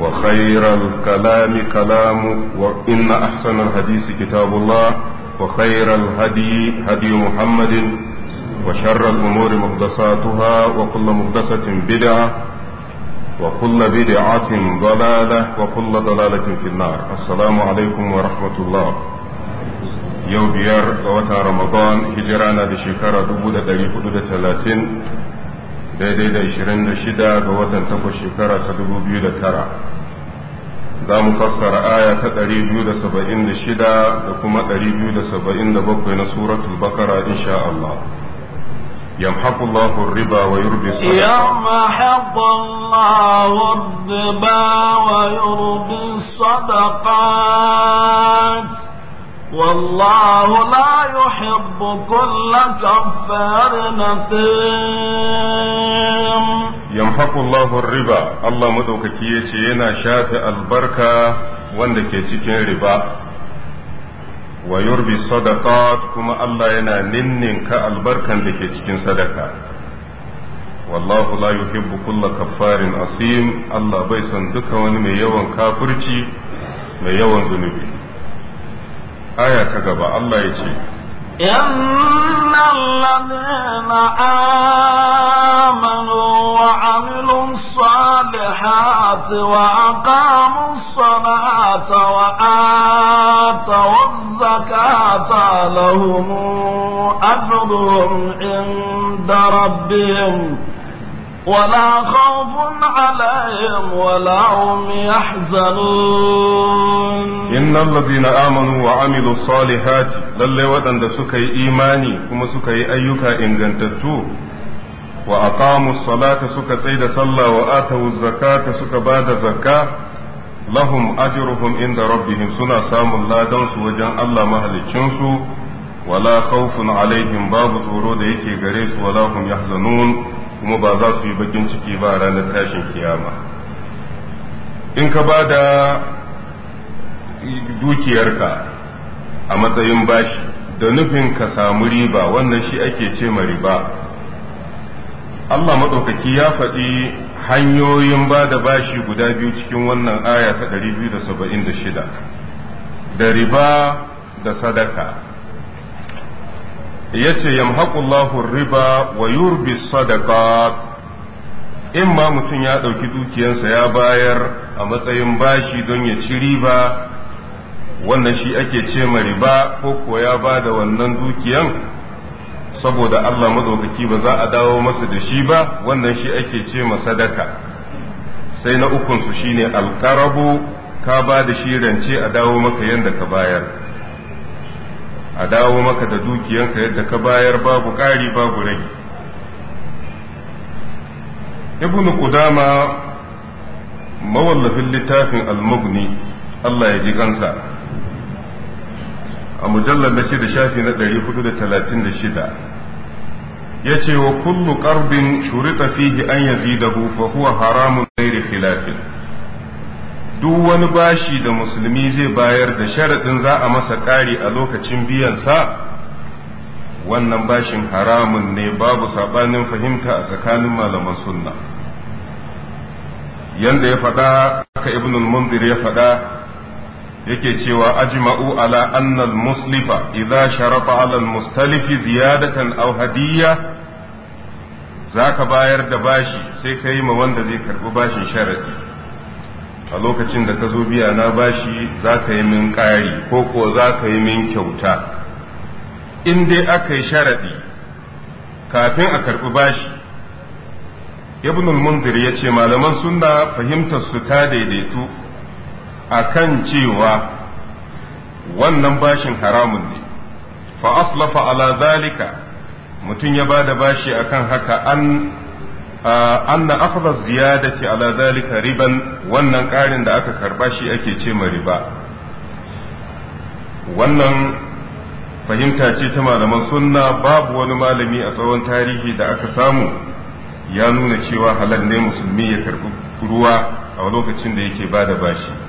وخير الكلام كلام وإن أحسن الحديث كتاب الله وخير الهدي هدي محمد وشر الأمور محدثاتها وكل محدثة بدعة وكل بدعة ضلالة وكل ضلالة في النار السلام عليكم ورحمة الله يوم بيار رمضان هجرانا بشكرة دبودة دليل 30 daidai da 26 ga watan takwas shekara ta 2009 za mu fassara aya ta 276 da kuma 277 na suratul bakara insha Allah يمحق الله الربا ويربي الصدقات يمحق الله الربا ويربي الصدقات والله لا يحب كل كفار نثيم يمحق الله الربا الله مدوكي يتي ينا شات البركة وندك يتكين ربا ويربي الصدقات كما الله ينا ننن كالبركة لك يتكين صدقة والله لا يحب كل كفار أصيم الله بيسن دكا ونمي يوان كافرتي mai yawan zunubi آية ta الله Allah إن الذين آمنوا وعملوا الصالحات وأقاموا الصلاة وآتوا الزكاة لهم أجرهم عند ربهم ولا خوف عليهم ولا هم يحزنون innal ladina amanu wa amilu salihati lallai waɗanda suka yi imani kuma suka yi ayyuka ingantattu wa aqamu salata suka tsaida sallah wa atawu zakata suka ba da zakka lahum ajruhum inda rabbihim suna samun ladan su wajen Allah mahalicin su wala khawfun alaihim babu tsoro da yake gare su wala hum kuma ba za su yi bakin ciki ba a ranar tashin kiyama in ka bada dukiyarka a matsayin bashi da nufin ka samu riba wannan shi ake ce ma riba Allah maɗaukaki ya faɗi hanyoyin ba da bashi guda biyu cikin wannan aya ta 276 da riba da sadaka ya ce yamhaƙullahu riba wa yurbi sadaka in ma mutum ya ɗauki dukiyarsa ya bayar a matsayin bashi don ya ci riba wannan shi ake ce ma riba ko ko ya ba da wannan dukiyan saboda Allah madaukaki ba za a dawo masa da shi ba wannan shi ake ce ma sadaka sai na ukunsu shine alqarabu ka ba da shi rance a dawo maka yadda ka bayar a dawo maka da dukiyanka yadda ka bayar babu ƙari babu rai ibnu qudama mawallafin littafin al-mughni Allah ya ji kansa a mujallar na shida shafi na ɗari hudu da talatin da shida ya ce wa kullu ƙarbin shurita fihi an da fa huwa haramun ghairi filafin duk wani bashi da musulmi zai bayar da sharaɗin za a masa ƙari a lokacin biyansa wannan bashin haramun ne babu saɓanin fahimta a tsakanin malaman sunna yanda ya faɗa haka ibn al-munzir ya faɗa yake cewa ajma'u ala anna al-muslifa idza sharafa ala al-mustalifi ziyadatan aw hadiyya zaka bayar da bashi sai kai ma wanda zai karbi bashin sharadi a lokacin da ka zo biya na bashi zaka yi min ƙari ko ko zaka yi min kyauta in dai aka yi sharadi kafin a karɓi bashi ibn al ya yace malaman sunna fahimtar su ta daidaitu akan cewa wannan bashin haramun ne fa aslafa ala zalika mutum ya bada da bashi akan haka an anna akhadha ziyadati ala zalika riban wannan ƙarin da aka karba shi ake ce ma riba wannan fahimta ce ta malaman sunna babu wani malami a tsawon tarihi da aka samu ya nuna cewa halal ne musulmi ya karbi ruwa a lokacin da yake bada bashi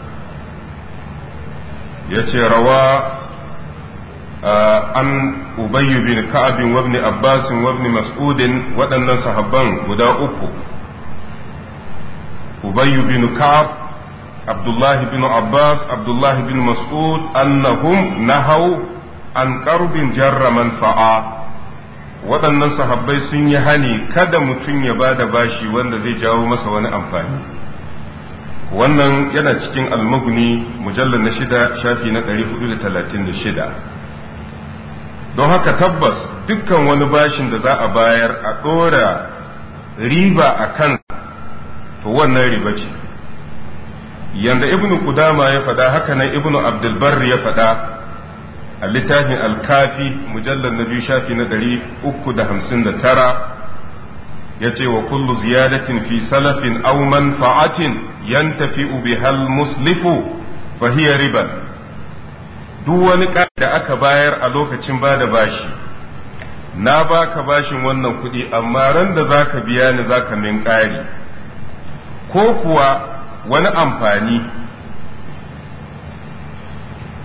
yace rawa an ubayyu bin ka'ab wa abbas ibn mas'ud waɗannan sahabban guda uku ubayyu bin ka'ab abdullahi bin abbas abdullahi bin mas'ud annahum nahaw an qarbin jarra waɗannan sahabbai sun yi hani kada mutum ya ba da bashi wanda zai jawo masa wani amfani wannan yana cikin almaguni mujallar na shida shafi na 436 don haka tabbas dukkan wani bashin da za a bayar a ɗora riba a kan to wannan riba ce yanda ibnu kudama ya faɗa haka nan ibnu abdulbar ya faɗa a littafin alkafi mujallar na biyu shafi na 359 yace wa kullu ziyadatin fi salafin aw manfa'atin yantafi'u biha al-muslifu fa duk wani da aka bayar a lokacin bada bashi na baka bashin wannan kuɗi amma randa zaka biya ni zaka min ƙari ko kuwa wani amfani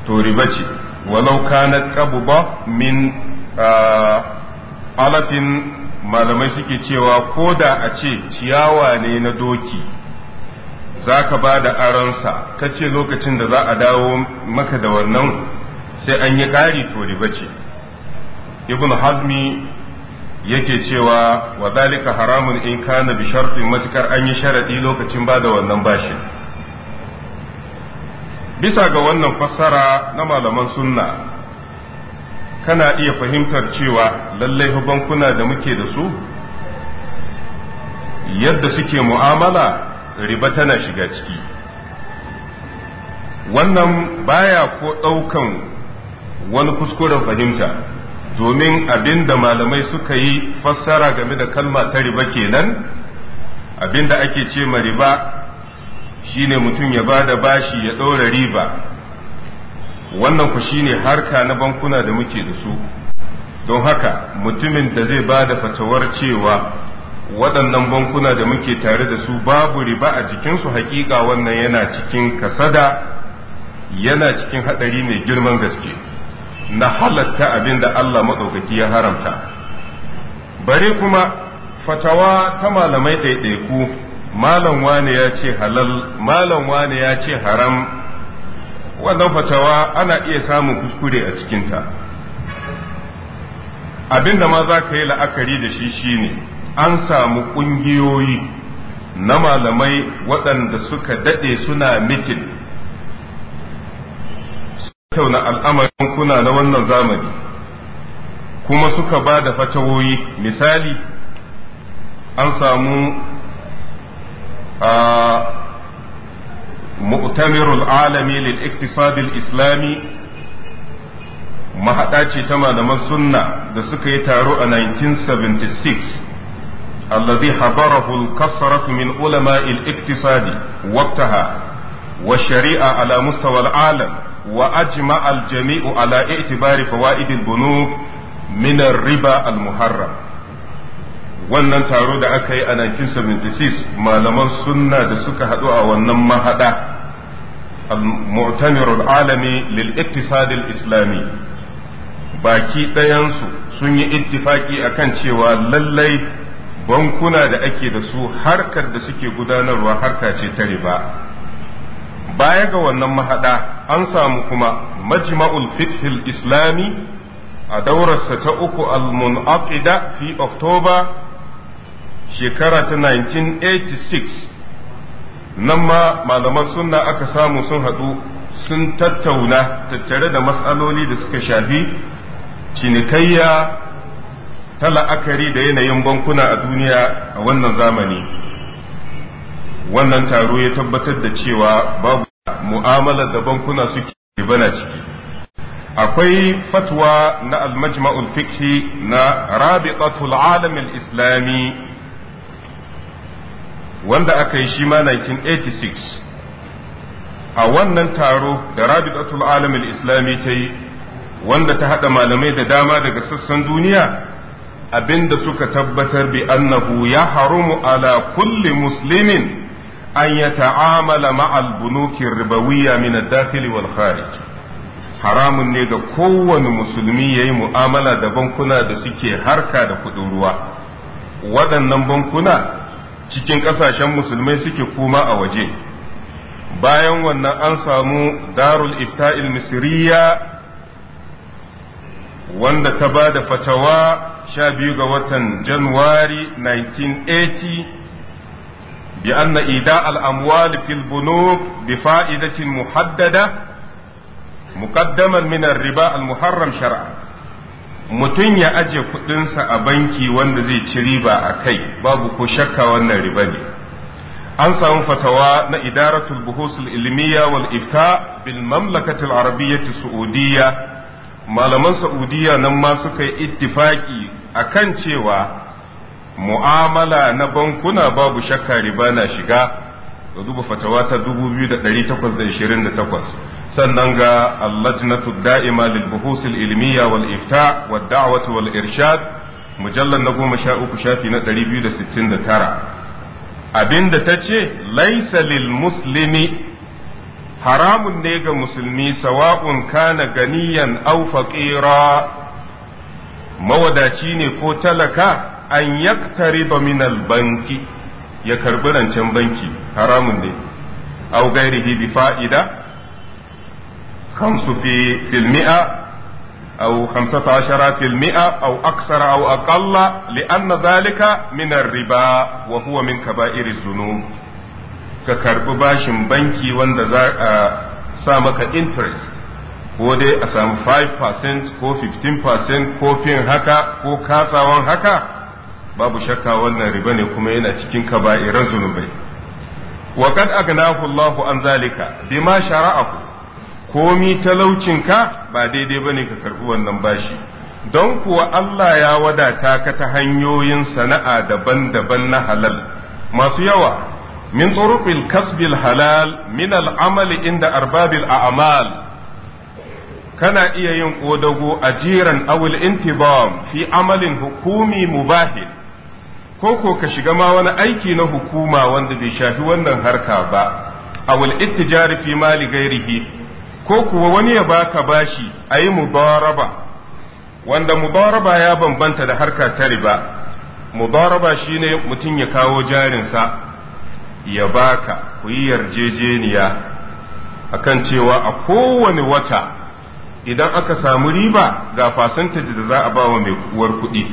to riba ce walau kanat qabba min ah, alafin malamai suke cewa ko da a ce ciyawa ne na doki za ka ba da aronsa ka ce lokacin da za a dawo maka da wannan sai an yi ƙari to bace. ibn hazmi yake cewa wa zalika haramun in kana bi shartin matukar an yi sharadi lokacin ba da wannan bashi. bisa ga wannan fassara na malaman sunna kana iya fahimtar cewa lallai fa bankuna da muke da su yadda suke mu'amala riba tana shiga ciki wannan baya ko ɗaukan wani kuskuren fahimta domin abinda malamai suka yi fassara game da kalma ta riba kenan abin da ake ce ma riba shine mutum ya ba da bashi ya ɗora riba wannan ku shine harka na bankuna da muke da su don haka mutumin da zai ba da fatawar cewa waɗannan bankuna da muke tare da su babu riba a jikinsu haƙiƙa wannan yana cikin kasada yana cikin haɗari mai girman gaske na halatta abin da Allah maɗaukaki ya haramta bare kuma fatawa ta malamai ɗaiɗaiku malam wane ya ce halal malam wane ya ce haram wannan fatawa ana iya samun kuskure a cikinta abinda ma za ka yi la'akari da shi shine an samu ƙungiyoyi na malamai waɗanda suka daɗe suna mitin tauna al'amarin kuna na wannan zamani kuma suka ba da fatawoyi misali an samu a ah, مؤتمر العالمي للاقتصاد الإسلامي mahaɗa ce ta malaman sunna da suka 1976 الذي حضره الكسرة من علماء الاقتصاد وقتها وشريعة على مستوى العالم وأجمع الجميع على اعتبار فوائد البنوك من الربا المحرم wannan taro da aka yi a 1976 malaman sunna da suka haɗu a wannan mahaɗa al-mu'tamir al-alami lil iktisad al-islami baki ɗayansu sun yi ittifaki akan cewa lallai bankuna da ake da su harkar da suke gudanarwa harka ce ta riba baya ga wannan mahaɗa an samu kuma majma'ul fithil islami a daurarsa ta uku al-munaqida fi oktoba shekara ta 1986 nan ma malaman sunna aka samu sun haɗu sun tattauna tattare da matsaloli da suka shafi cinikayya ta la'akari da yanayin bankuna a duniya a wannan zamani wannan taro ya tabbatar da cewa babu mu'amalar da bankuna suke bana ciki akwai fatwa na al-majma'ul fiqhi na rabiqatul alam al-islami wanda aka yi shi ma 1986 a wannan taro da rabi'atul alamil islami ta yi wanda ta haɗa malamai da dama daga sassan duniya abinda suka tabbatar bi annahu ya harumu ala kulli muslimin an ya ta'amala ma'al bunukin ribawiyya min ad wal kharij haramun ne ga kowane musulmi ya yi mu'amala da bankuna da suke harka da kuɗin ruwa waɗannan bankuna cikin ƙasashen musulmai suke kuma a waje bayan wannan an samu darul ifta'il misriya wanda ta ba da fatawa sha biyu ga watan januwari 1980 bi anna ida al'amwal fil bunuk bi fa'idatin muhaddada muqaddaman minar riba al-muharram shar'a mutum ya aje kudinsa a banki wanda zai ci riba a kai babu ko shakka wannan riba ne an samu fatawa na idaratul buhusul ilmiya wal ifta bil mamlakatul arabiyyati saudiyya malaman saudiyya nan ma suka yi ittifaki akan cewa mu'amala na bankuna babu shakka riba na shiga da duba fatawa ta 2828 sannan ga allajnatu da'ima lil buhus al ilmiya wal ifta wad da'wati wal irshad mujallal na goma sha uku shafi na 269 abinda ta ce laisalil lil muslimi haramun ne ga musulmi sawa'un kana ganiyan aw faqira mawadaci ne ko talaka an yaktariba min al banki ya karbi rancen banki haramun ne aw gairihi bi fa'ida الخمس في في المئة أو خمسة عشر في المئة أو أكثر أو أقل لأن ذلك من الربا وهو من كبائر الذنوب ككرب باش بنكي وند سامك interest ko dai a samu 5% ko 15% ko fin haka ko kasawan haka babu shakka wannan riba ne kuma yana cikin kaba'iran zunubai wa kad agnahu Allah an zalika bima shara'ahu komi talaucinka ba daidai ba ne ka karɓi wannan bashi don kuwa Allah ya wadata ka ta hanyoyin sana'a daban-daban na halal masu yawa min turuqil kasbil halal min al'amali inda arbabil a'mal kana iya yin kodago ajiran awil intibam fi amalin hukumi mubahin ko ko ka shiga ma wani aiki na hukuma wanda bai shafi wannan harka ba awil ittijari fi mali gairihi ko kuwa wani ya baka bashi a yi mubaraba wanda mubaraba ya bambanta da harka ta riba mubaraba shi ne mutum ya kawo jarinsa ya baka ku yi yarjejeniya kan cewa a kowane wata idan aka samu riba ga fasantaji da za a ba wa mai uwar kuɗi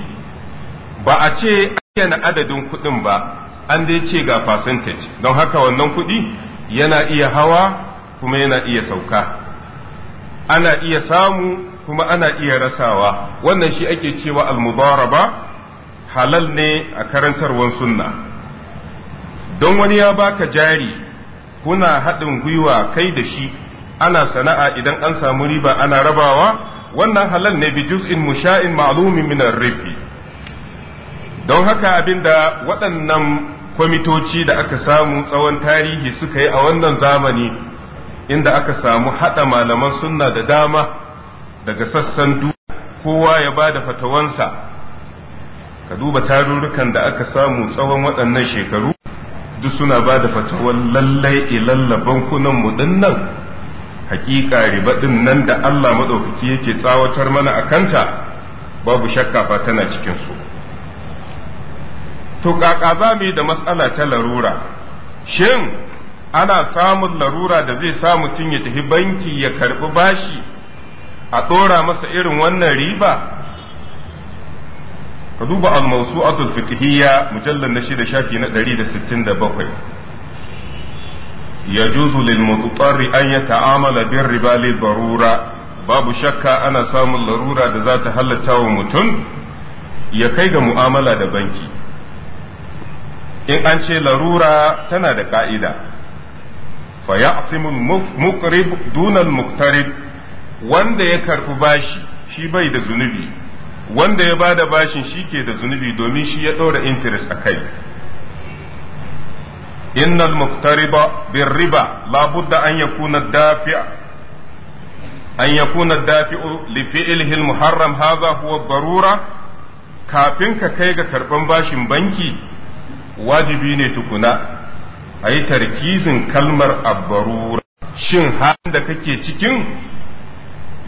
ba a ce ayyana adadin kuɗin ba an dai ce ga fasantaji don haka wannan kuɗi yana iya hawa kuma yana iya sauka ana iya samu kuma ana iya rasawa wannan shi ake cewa almubaraba halal ne a karantarwar sunna don wani ya baka jari kuna haɗin gwiwa kai da shi ana sana'a idan an samu riba ana rabawa wannan halal ne bi juz'in musha'in ma'lumin min ribi don haka abinda waɗannan kwamitoci da aka samu tsawon tarihi suka yi a wannan zamani inda aka samu haɗa malaman sunna da dama daga sassan duniya kowa ya ba da fatawansa ka duba tarurrukan da aka samu tsawon waɗannan shekaru duk suna ba da fatawar lallai ilalla bankunan mu dinnan hakika riba din nan da Allah maɗaukaki yake tsawatar mana a kanta babu shakka fa tana cikinsu to ƙaƙa za mu yi da matsala ta larura shin ana samun larura da zai sa mutum ya tafi banki ya karɓi bashi a ɗora masa irin wannan riba ka duba almasu mawsuatul fiqhiyya mujallar na shida shafi na 167 yajuzu lil mutarri an yata'amala bin riba lil barura babu shakka ana samun larura da za ta halatta wa mutum ya kai ga mu'amala da banki in an ce larura tana da ka'ida fa ya'simul muqrib dunal muqtarib wanda ya karbi bashi shi bai da zunubi wanda ya bada bashin shi ke da zunubi domin shi ya ɗora interest a kai innal muqtariba bir riba labudda an yakuna dafi'a an yakuna dafi'u li fi'lihi al muharram hadha huwa darura kafin ka kai ga karban bashin banki wajibi ne tukuna Ayi, yi tarkizin kalmar abbarura shin halin da kake cikin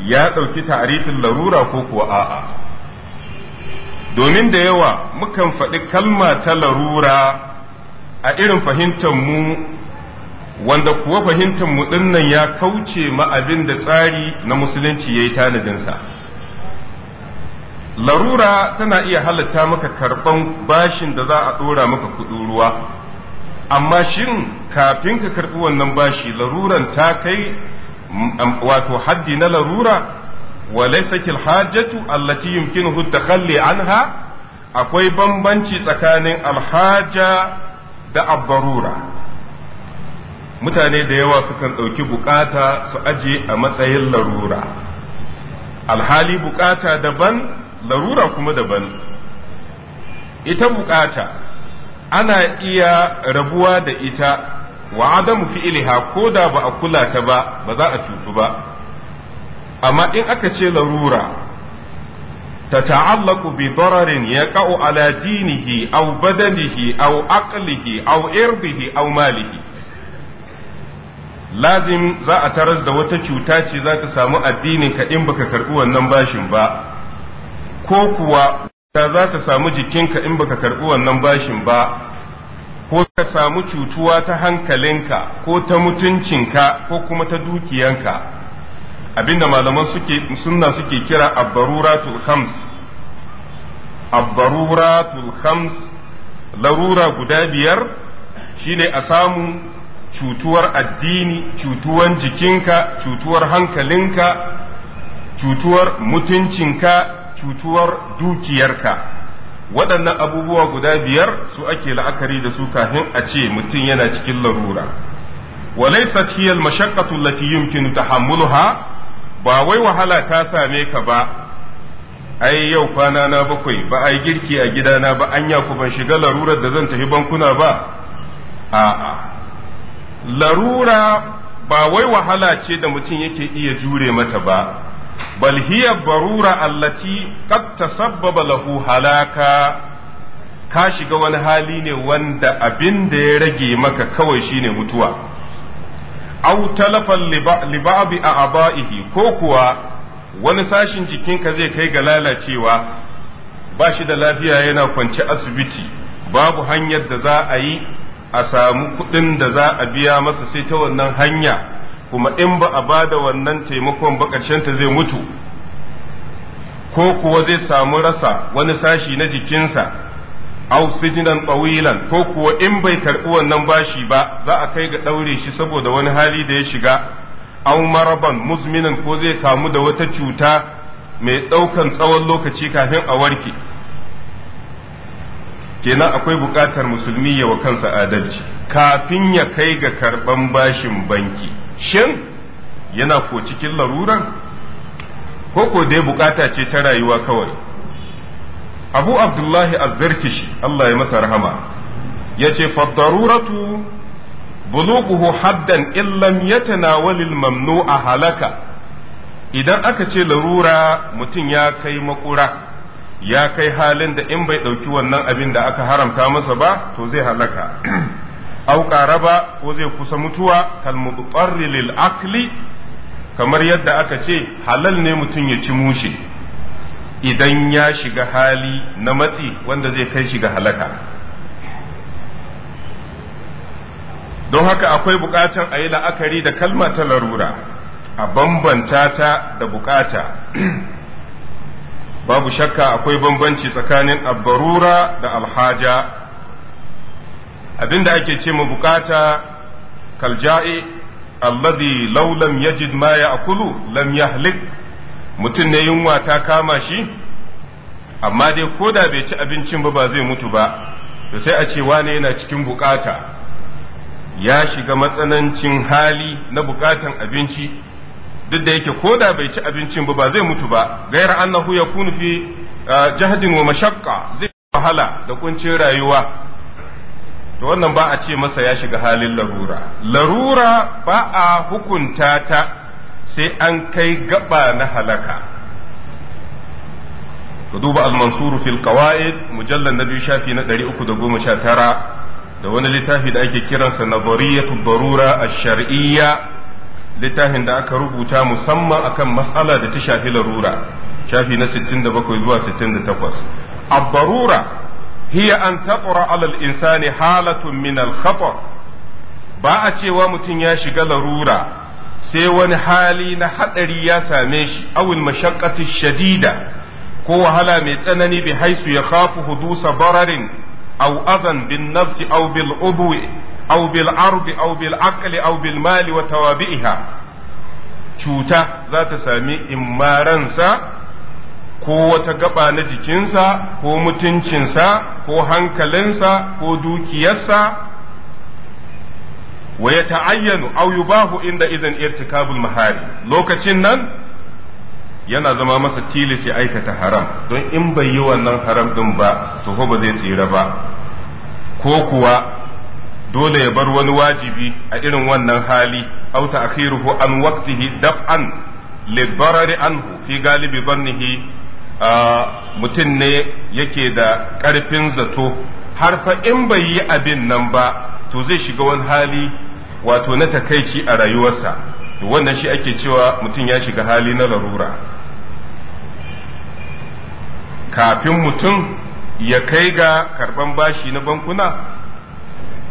ya ɗauki ta'arifin larura ko kuwa a'a domin da yawa mukan faɗi kalma ta larura a irin fahimtar mu wanda kuwa fahimtar mu dinnan ya kauce ma abin da tsari na musulunci ya yi tanadinsa larura tana iya halatta maka karɓan bashin da za a ɗora maka kuɗin ruwa amma shin kafin ka karɓi wannan bashi laruran ta kai wato haddi na larura wa kil hajatu allati yumkinuhu takhalli anha akwai bambanci tsakanin alhaja da abbarura mutane da yawa sukan ɗauki bukata su aje a matsayin larura alhali bukata daban larura kuma daban ita bukata ana iya rabuwa da ita wa adamu fi'liha ko da ba a kula ta ba ba za a cutu ba amma in aka ce larura ta ta'allaku bi dararin ka'u ala dinihi aw badanihi aw aqlihi aw irdihi aw malihi lazim za a taras da wata cuta ce za ta samu addinin ka in baka karbi wannan bashin ba ko kuwa ta za ka samu jikinka in baka karɓi wannan bashin ba ko ka samu cutuwa ta hankalinka ko ta mutuncinka ko kuma ta dukiyanka abinda malaman suke sunna suke kira abbaruratul khams abbaruratul khams larura guda biyar shine a samu cutuwar addini cutuwan jikinka cutuwar hankalinka cutuwar mutuncinka cutuwar dukiyarka waɗannan abubuwa guda biyar su ake la'akari da su kafin a ce mutum yana cikin larura walaysat hiya al-mashaqqatu allati yumkinu tahammuluha ba wai wahala ta same ka ba ai yau kwana na bakwai ba ai girki a gidana ba anya ku ban shiga larurar da zan tafi bankuna ba a'a larura ba wai wahala ce da mutum yake iya jure mata ba bal hiya barura allati qad tasabbaba lahu halaka ka shiga wani hali ne wanda abin da ya rage maka kawai shine mutuwa aw talafan li ba'd a'ba'ihi ko kuwa wani sashin jikinka zai kai ga lalacewa ba shi da lafiya yana kwance asibiti babu hanyar da za a yi a samu kuɗin da za a biya masa sai ta wannan hanya kuma in ba a ba da wannan taimakon ba ta zai mutu ko kuwa zai samu rasa wani sashi na jikinsa au sijinan tsawilan ko kuwa in bai karɓi wannan bashi ba za a kai ga ɗaure shi saboda wani hali da ya shiga au maraban muzminan ko zai kamu da wata cuta mai ɗaukan tsawon lokaci kafin a warke kenan akwai buƙatar musulmi ya wa kansa adalci kafin ya kai ga karɓan bashin banki shin yana ko cikin laruran ko ko dai bukata ce ta rayuwa kawai abu abdullahi azzarkishi Allah ya masa rahama ya ce faddaruratu buluguhu haddan illam yatanawalil a halaka idan aka ce larura mutum ya kai makura ya kai halin da in bai ɗauki wannan abin da aka haramta masa ba to zai halaka au raba ko zai kusa mutuwa kal lil akli kamar yadda aka ce halal ne mutum ya ci mushe idan ya shiga hali na matsi wanda zai kai shi ga halaka don haka akwai buƙatar a yi la'akari da kalma ta larura a bambanta ta da buƙata babu shakka akwai bambanci tsakanin abbarura da alhaja abinda ake ce ma bukata kalja'i alladhi law lam yajid ma ya'kulu lam yahlik mutum ne yunwa ta kama shi amma dai ko da bai ci abincin ba ba zai mutu ba to sai a ce wane yana cikin bukata ya shiga matsanancin hali na bukatan abinci duk da yake ko da bai ci abincin ba ba zai mutu ba gaira annahu yakunu fi ah, jahdin wa mashaqqa zai wahala da kuncin rayuwa to wannan ba a ce masa ya shiga halin larura larura ba a hukunta ta sai an kai gaɓa na halaka ka duba al-mansur mujallar qawaid na biyu shafi na 319 da wani littafi da ake kiransa nazariyatu darura a shariyya littafin da aka rubuta musamman akan matsala da ta shafi larura shafi na 67 zuwa 68 abbarura hiya an tatura alal insani halatun min al ba'a cewa mutum ya shiga larura sai wani hali na hadari ya same shi awil mashaqqati shadida ko wahala mai tsanani bi haisu ya khafu hudusa bararin aw adan bin nafsi aw bil udwi aw bil ardi aw bil aqli au bil mali wa tawabi'iha cuta za ta sami imaransa. ko wata gaba na jikinsa ko mutuncinsa ko hankalinsa ko dukiyarsa wa ya ta'ayyanu aw yubahu inda idan irtikabul mahari lokacin nan yana zama masa tilis ya aikata haram don in bai yi wannan haram din ba to ba zai tsira ba ko kuwa dole ya bar wani wajibi a irin wannan hali aw ta'khiruhu an waqtihi daf'an lidarari anhu fi galibi zannihi mutum ne yake da ƙarfin zato har fa in bai yi abin nan ba to zai shiga wani hali wato na takaici a rayuwarsa to wannan shi ake cewa mutum ya shiga hali na larura kafin mutum ya kai ga karban bashi na bankuna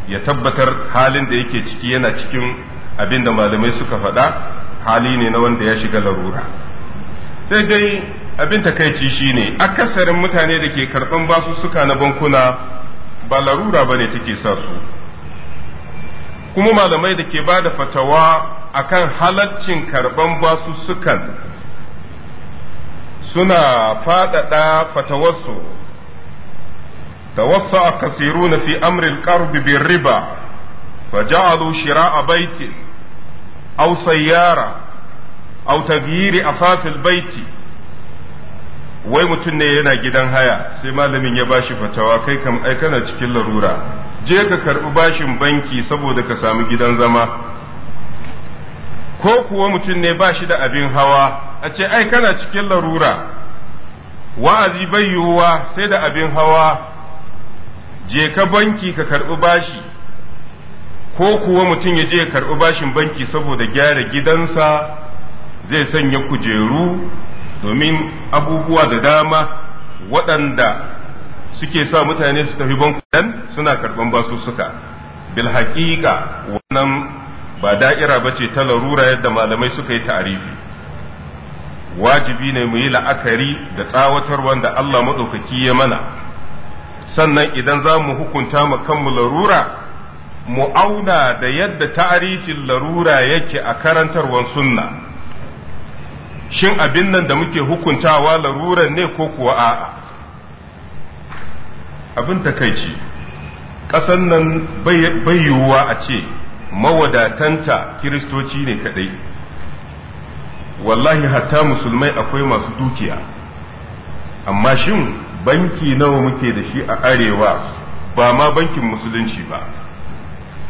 ya tabbatar halin da yake ciki yana cikin abin da malamai suka faɗa hali ne na wanda ya shiga larura sai dai abin takaici shine akasarin mutane da ke karɓan basussuka na bankuna ba larura ba ne take sa su kuma malamai da ke ba da fatawa akan halaccin karɓan basussukan suna faɗaɗa fatawarsu wasu a kasiru na fi amril ƙarfi bin riba fa ja'alu shira a baitin au sayyara tagiri a afafil baiti wai mutum ne yana gidan haya sai malamin ya bashi fatawa kai kam ai kana cikin larura je ka karbi bashin banki saboda ka samu gidan zama ko kuwa mutum ne bashi da abin hawa a ce ai kana cikin larura wa'azi bai yiwuwa sai da abin hawa je ka banki ka karbi bashi ko kuwa mutum ya je ya karbi bashin banki saboda gyara gidansa zai sanya kujeru domin abubuwa da dama waɗanda suke sa mutane su tafi bankunan suna karɓan basu bil haƙiƙa wannan ba da'ira ba ce ta larura yadda malamai suka yi ta'arifi wajibi ne mu yi la'akari da tsawatar wanda Allah maɗaukaki ya mana sannan idan za mu hukunta mu kanmu larura mu auna da yadda ta'arifin larura yake a karantarwar sunna shin abin nan da muke hukuntawa laruran ne ko kuwa a abin takaici ƙasan nan bai a ce mawadatanta kiristoci ne kaɗai wallahi hatta musulmai akwai masu dukiya amma shin banki nawa muke da shi a arewa ba ma bankin musulunci ba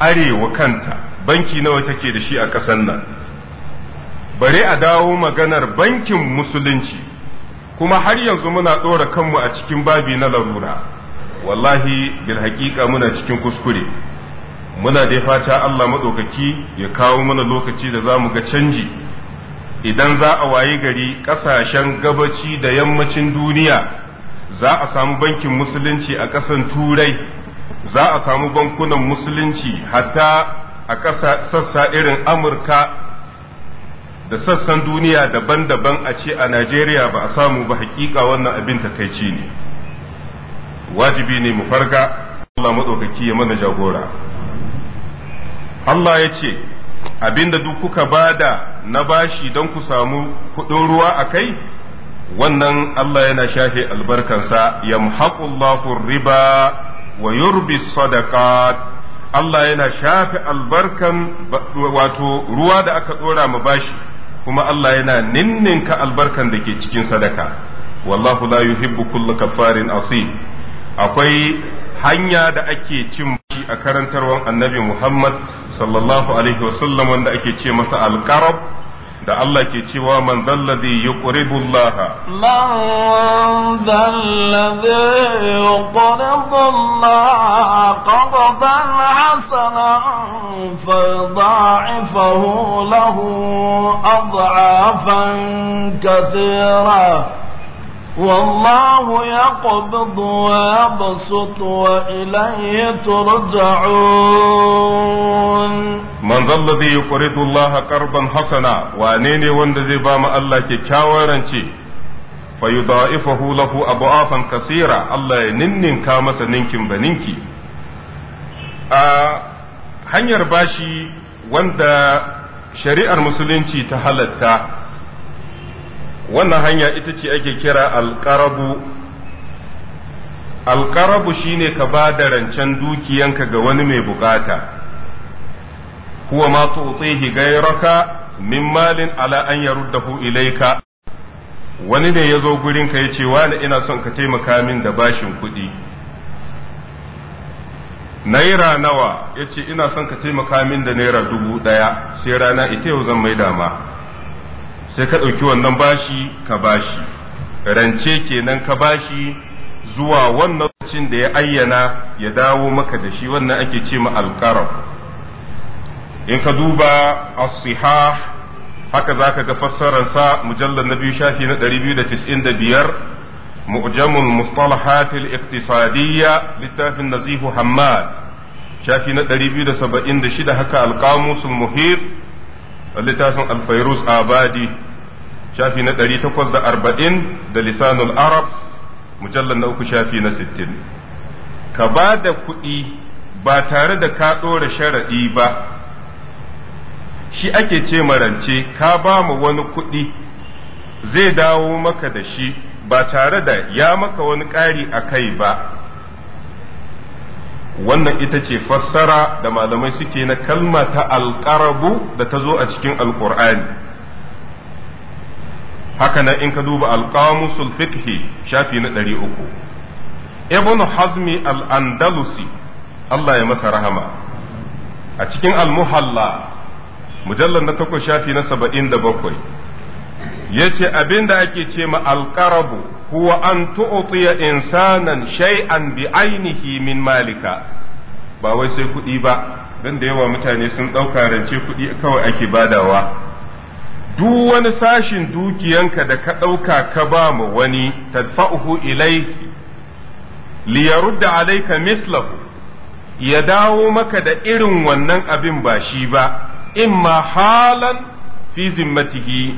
arewa kanta banki nawa take da shi a ƙasan nan Bari a dawo maganar bankin musulunci kuma har yanzu muna ɗora kanmu a cikin babi na larura wallahi bil haƙiƙa muna cikin kuskure muna dai fata Allah maɗaukaki ya kawo mana lokaci da za mu ga canji idan za a wayi gari ƙasashen gabaci da yammacin duniya za a samu bankin musulunci a ƙasan turai za a samu bankunan musulunci hatta a ƙasa sassa irin amurka da sassan duniya daban-daban a ce a Najeriya ba a samu ba hakika wannan abin takaici ne wajibi ne mu farga Allah maɗaukaki ya mana jagora Allah ya ce abinda duk kuka bada na bashi don ku samu kuɗin ruwa a kai wannan Allah yana shafe albarkansa ya riba wa yurbi sadaqat Allah yana shafe albarkan wato ruwa da aka ɗora mu bashi kuma Allah yana ninninka albarkan da ke cikin sadaka wallahu la yuhibbu kulla kafarin asim akwai hanya da ake cin shi a karantarwar annabi Muhammad sallallahu alaihi wasallam wanda ake ce masa alqarab da Allah ke cewa man zalladhi yuqridu Allah man zalladhi yuqridu Allah qadban hasana fa yudha'ifahu lahu ad'afan kathira والله يقبض ويبسط وإليه ترجعون من ذا الذي يقرض الله قرضا حسنا وانيني وندزي بام الله كيكاورا فيضاعفه له أضعافا كثيرة الله ينن كامس ننكم بننكي آه hanyar bashi wanda shari'ar musulunci ta halatta wannan hanya ita ce ake kira alƙarabu alƙarabu shine ka ba da rancen dukiyanka ga wani mai bukata huwa ma tutsihi gairaka min malin ala an yaruddahu ilaika wani ne ya zo gurinka ya ce wani ina son ka taimaka min da bashin kuɗi naira nawa ya ce ina son ka taimaka min da naira dubu ɗaya sai rana ita yau zan mai dama sai ka ɗauki wannan bashi ka bashi rance kenan ka bashi zuwa wannan lokacin da ya ayyana ya dawo maka da shi wannan ake ce ma alƙarar in ka duba Asiha haka haka zaka ga fassararsa mujallar na biyu shafi na biyar mu'jamul mustalahat al-iqtisadiyya littafin nazihu hammad shafi na shida haka al-qamusul littafin alfairus abadi shafi na ɗari takwas da arba'in da lisanul arab mujallar na uku shafi na sittin ka ba da kuɗi ba tare da ka ɗora sharaɗi ba shi ake ce rance ka ba mu wani kuɗi zai dawo maka da shi ba tare da ya maka wani ƙari a kai ba wannan ita ce fassara da malamai suke na kalma ta alƙarabu da ta zo a cikin alƙur'ani haka nan in ka duba alqamusul fiqhi shafi na 300 ibn hazmi al-andalusi Allah ya masa rahama a cikin al-muhalla mujallar na takwas shafi na 77 yace abinda ake ce ma al-qarabu huwa an tu'tiya insanan shay'an bi ainihi min malika ba wai sai kuɗi ba dan da yawa mutane sun ɗauka rance kuɗi kawai ake badawa duk wani sashin dukiyanka da ka ɗauka ka ba mu wani tadfa'uhu li liyarudda alaika mislahu ya dawo maka da irin wannan abin ba shi ba imma halan fi zimmatihi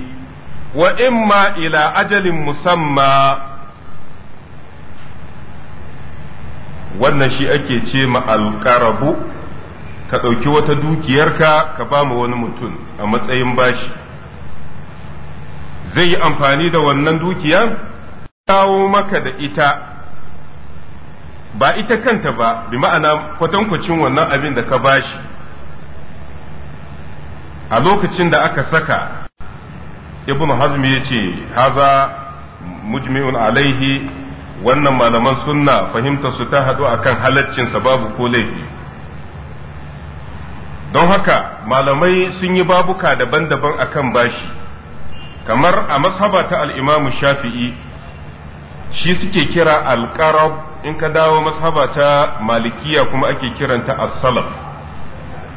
wa imma ila ajalin musamma wannan shi ake ce ma alƙarabu ka ɗauki wata dukiyarka ka ba mu wani mutum a matsayin bashi zai yi amfani da wannan dukiya kawo maka da ita ba ita kanta ba bi ma'ana kwatankwacin wannan abin da ka bashi a lokacin da aka saka ibn al-Hazmi ya ce haza mujmi'un alaihi wannan malaman sunna su ta haɗu akan halaccinsa babu ko laifi don haka malamai sun yi babuka daban-daban akan bashi kamar a mashaba ta al'imamu shafi'i shi suke kira alƙarab in ka dawo mashaba ta malikiya kuma ake kiranta as-salaf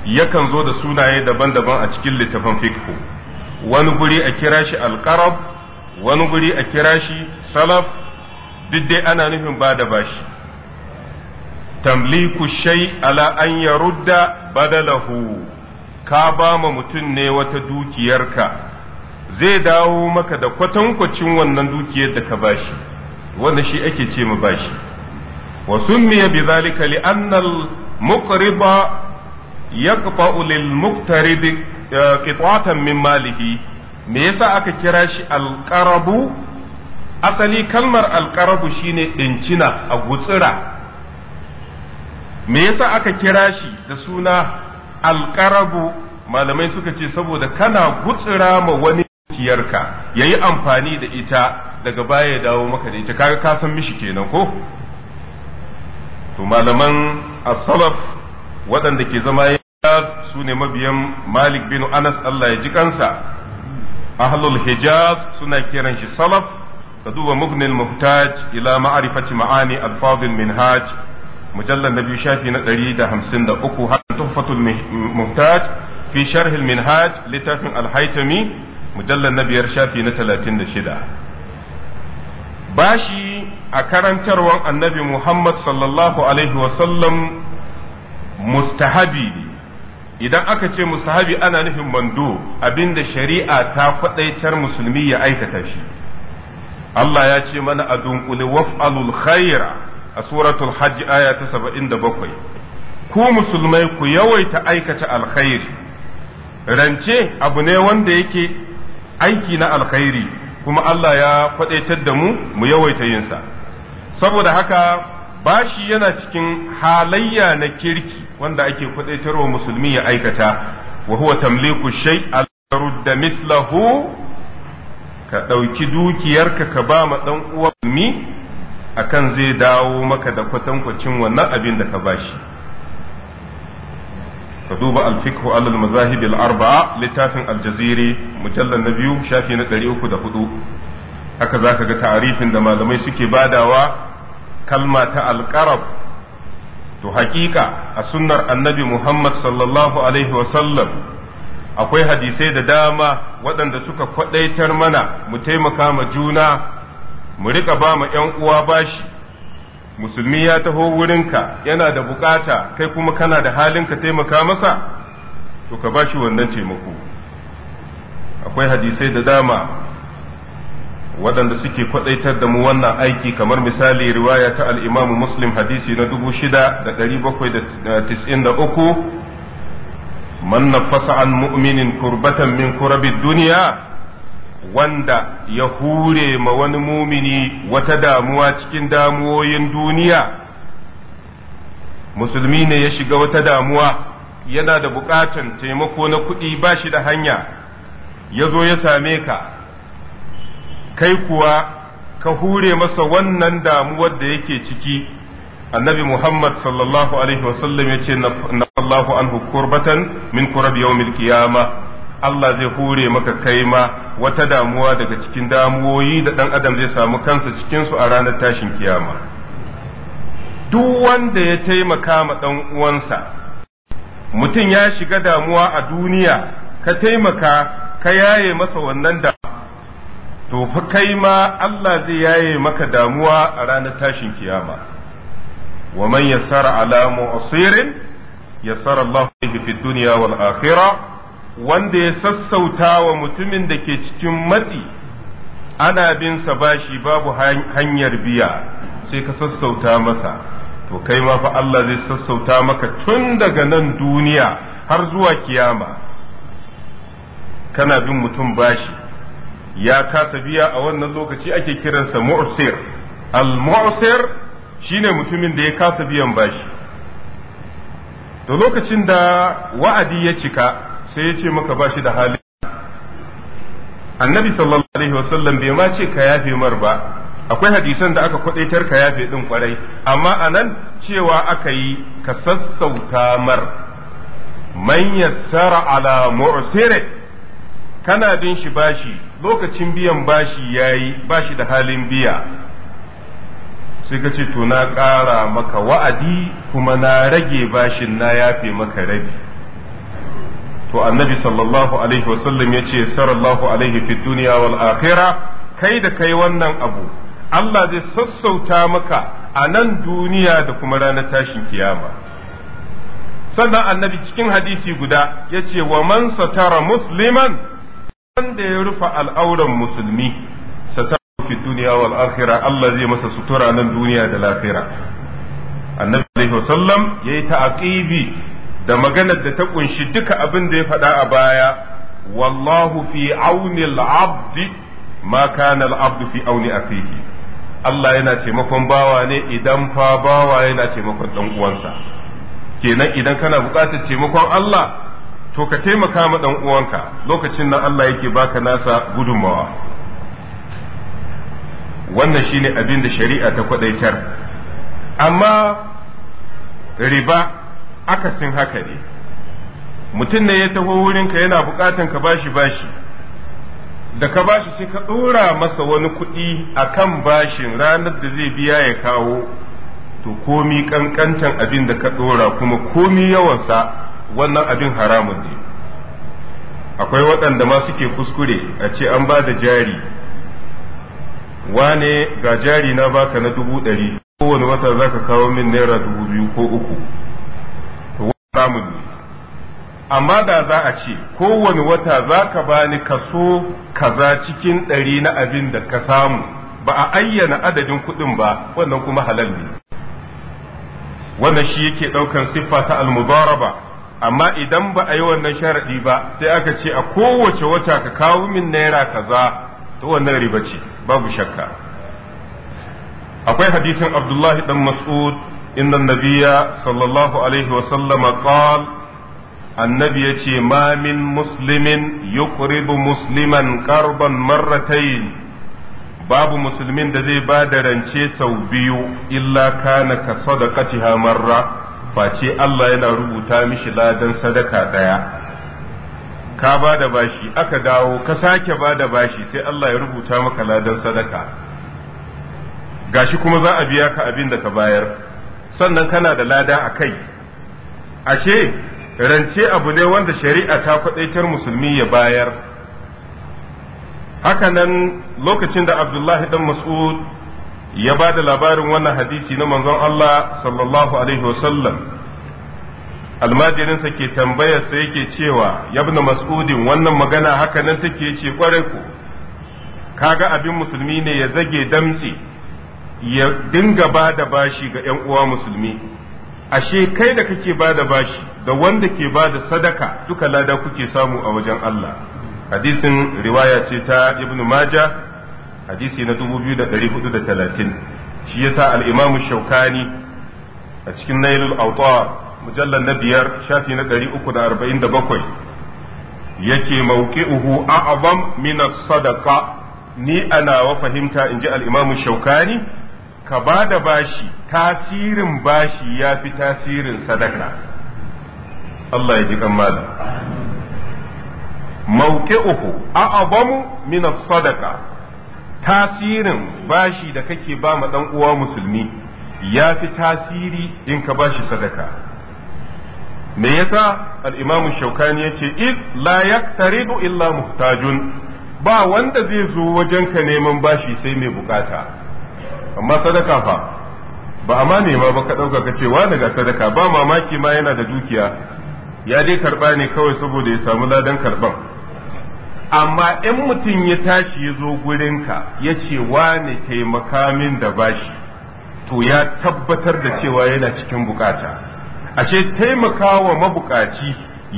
yakan zo da sunaye daban-daban a cikin littafin fiqh wani guri a kira shi alƙarab wani guri a kira shi salaf duk dai ana nufin ba da bashi tamliku shay ala an yarudda badalahu ka ba mutum ne wata dukiyarka zai dawo maka da kwatankwacin wannan dukiyar da ka bashi wanda shi ake ce ma bashi wa summiya bi zalika li anna al muqriba yaqfa'u lil muqtarid eh, qit'atan min malihi me yasa aka kira shi al asali kalmar al qarabu shine dincina a gutsira me yasa aka kira shi da suna al malamai suka ce saboda kana gutsira ma wani ciyarka yi amfani da ita daga baya ya dawo maka da ita kaga kasan mishi kenan ko to malaman as-salaf waɗanda ke zama su ne mabiyan Malik bin Anas Allah ya ji kansa ahlul hijaz suna kiran shi salaf ka duba mughnil muhtaj ila ma'rifati ma'ani al-fadil minhaj mujallal nabi shafi na 153 har tuhfatul muhtaj fi sharh al-minhaj littafin al-haytami mujallar na biyar shafi na talatin da shida bashi a karantarwan annabi Muhammad sallallahu alaihi wasallam mustahabi idan aka ce mustahabi ana nufin mando abinda shari'a ta kwadaitar musulmi ya aikata shi Allah ya ce mana a dunkule waf'alul khaira a suratul hajj aya ta saba'in da bakwai ku musulmai ku yawaita aikata alkhairi rance abu ne wanda yake aiki na alkhairi kuma Allah ya kwadaitar da mu mu yawaita yinsa saboda haka bashi yana cikin halayya na kirki wanda ake kwadaitarwa musulmi ya aikata wa huwa tamliku shay al mislahu ka ɗauki dukiyarka ka ba ma ɗan uwa mi akan zai dawo maka da kwatankwacin wannan abin da ka bashi ka duba al-fiqh arbaa littafin aljaziri mujallar na biyu shafi na hudu haka zaka ga ta'arifin da malamai suke badawa kalma ta al-qarab to haƙiƙa a sunnar annabi Muhammad sallallahu alaihi wa sallam akwai hadisai da dama waɗanda suka kwaɗaitar mana mu taimaka ma juna mu riƙa ba ‘yan uwa bashi musulmi ya taho wurinka yana da bukata kai kuma kana da halin ka taimaka masa to ka bashi wannan taimako akwai hadisai da dama waɗanda suke kwadaitar da mu wannan aiki kamar misali riwaya ta al'imamu muslim hadisi na dubu shida man nafasa an mu'minin kurbatan min kurabin duniya wanda ya hure ma wani mumini wata damuwa cikin damuwoyin duniya musulmi ne ya shiga wata damuwa yana da bukatan taimako na kuɗi ba shi da hanya ya zo ya same ka kai kuwa ka hure masa wannan damuwar da yake ciki annabi muhammad sallallahu alaihi wasallam ya ce na anhu kurbatan min kurab yawmil qiyamah Allah zai hure maka kai ma wata damuwa daga cikin damuwoyi da ɗan adam zai samu kansa cikinsu a ranar tashin kiyama duk wanda ya taimaka ma ɗan uwansa mutum ya shiga damuwa a duniya ka taimaka ka yaye masa wannan da to fa kai ma Allah zai yaye maka damuwa a ranar tashin kiyama wa man yassara ala mu'sirin yassara Allah fi dunya wal akhirah wanda ya sassauta wa mutumin da ke cikin matsi ana bin sa bashi babu hanyar biya sai ka sassauta masa to kai ma fa Allah zai sassauta maka tun daga nan duniya har zuwa kiyama kana bin mutum bashi ya kasa biya a wannan lokaci ake kiransa mu'sir al-mu'sir shine mutumin da ya kasa biyan bashi to lokacin da wa'adi ya cika sai ya ce maka ba shi da hali annabi sallallahu alaihi wasallam bai ma ce ka yafe mar ba akwai hadisan da aka kwadaitar ka yafe din kwarai amma anan cewa aka yi ka sassauta mar man yassara ala mu'sire kana bin shi bashi lokacin biyan bashi yayi bashi da halin biya sai ka ce to na ƙara maka wa'adi kuma na rage bashin na yafe maka rabi to annabi sallallahu alaihi wasallam ya ce sarallahu alaihi fi duniya wal kai da kai wannan abu Allah zai sassauta maka a nan duniya da kuma ranar tashin kiyama sannan annabi cikin hadisi guda ya ce wa man satara musliman wanda ya rufa al'auran musulmi satara fi duniya wal Allah zai masa sutura nan duniya da lafira annabi sallallahu alaihi wasallam yayi ta'aqibi da maganar da ta kunshi duka abin da ya faɗa a baya wallahu fi auni al-abdi ma kana al fi auni akhihi Allah yana taimakon bawa ne idan fa bawa yana taimakon dan uwansa kenan idan kana buƙatar taimakon Allah to ka taimaka ma dan uwanka lokacin nan Allah yake baka nasa gudunmawa wannan shine abin da shari'a ta kwadaitar amma riba akasin haka ne mutum ne ya taho wurinka yana bukatan ka bashi bashi da ka bashi sai ka ɗora masa wani kuɗi a kan bashin ranar da zai biya ya kawo to komi ƙanƙantan abin da ka ɗora kuma komi yawansa wannan abin haramun ne akwai waɗanda ma suke kuskure a ce an ba da jari wane ga jari na baka na dubu ɗari kowane wata za ka kawo min naira dubu biyu ko uku samun ne amma da za a ce kowane wata za ka bani kaso kaza cikin ɗari na abin da ka samu ba a ayyana adadin kuɗin ba wannan kuma halal ne wannan shi yake ɗaukan siffa ta almubaraba amma idan ba a yi wannan sharaɗi ba sai aka ce a kowace wata ka kawo min naira kaza ta wannan riba ce babu shakka akwai hadisin abdullahi dan mas'ud إن النبي صلى الله عليه وسلم قال النبي يتي ما musulmin مسلم يقرض مسلما قرضا مرتين باب مسلمين da zai ba da rance sau biyu illa kana ka sadaqatiha marra face Allah yana rubuta mishi ladan sadaka daya ka ba bashi aka dawo ka sake bada bashi sai Allah ya rubuta maka ladan sadaka gashi kuma za a biya ka abin da ka bayar sannan kana da lada a kai ashe rance abu ne wanda shari'a ta kwadaitar musulmi ya bayar hakanan lokacin da abdullahi dan mas'ud ya ba da labarin wannan hadisi na manzon Allah sallallahu alaihi wasallam almajirinsa ke tambayarsa yake cewa yabna mas'udin wannan magana hakanan take ce kwarai ku kaga abin musulmi ne ya zage damce ya dinga ba da bashi ga ‘yan uwa musulmi, ashe kai da kake ba da bashi da wanda ke ba da sadaka duka lada kuke samu a wajen Allah. Hadisin riwaya ce ta Ibn Maja, hadisi na 2430, shi ya sa al'imamu Shaukani a cikin Nailul Autawa, mujallar na biyar, shafi na 347, yake mauki'uhu a'azam minas sadaka ni ana wa fahimta in ji al'imamu Shaukani. ka ba da bashi tasirin bashi ya fi tasirin sadaka Allah ya ji kammala mauqi'uhu a'zamu min as tasirin bashi da kake ba ma dan uwa musulmi ya fi tasiri in ka bashi sadaka me yasa al-imamu shaukani yace id la yaqtaridu illa muhtajun ba wanda zai zo wajenka neman bashi sai mai bukata amma sadaka fa ba a ma nema ba ka ɗauka ka ce wani ga sadaka ba mamaki ma yana da dukiya ya dai karɓa ne kawai saboda ya samu ladan karɓan amma in mutum ya tashi ya zo gurinka ya ce wani taimaka min da bashi to ya tabbatar da cewa yana cikin bukata ashe taimaka wa mabukaci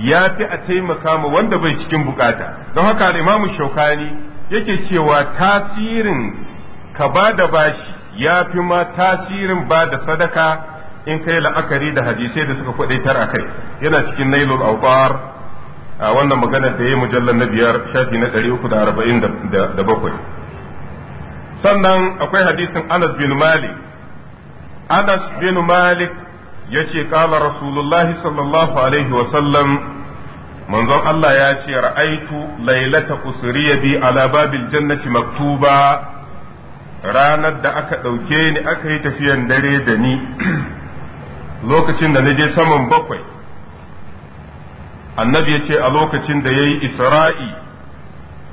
ya fi a taimaka ma wanda bai cikin bukata don haka imamu shaukani yake cewa tasirin ka ba da bashi ya fi ma tasirin ba da sadaka in kai la'akari da hadisai da suka kwadaitar a kai yana cikin nailul a wannan magana da yi mujallar na biyar shafi na bakwai. sannan akwai hadisin Anas bin Malik Anas bin Malik yace kala Rasulullahi sallallahu alaihi wa sallam manzon Allah ya ce ra'aitu lailata usriya bi ala babil jannati maktuba ranar da aka ɗauke ni aka yi tafiyan dare da ni lokacin da na je saman bakwai annabi ya ce a lokacin da ya yi isra'i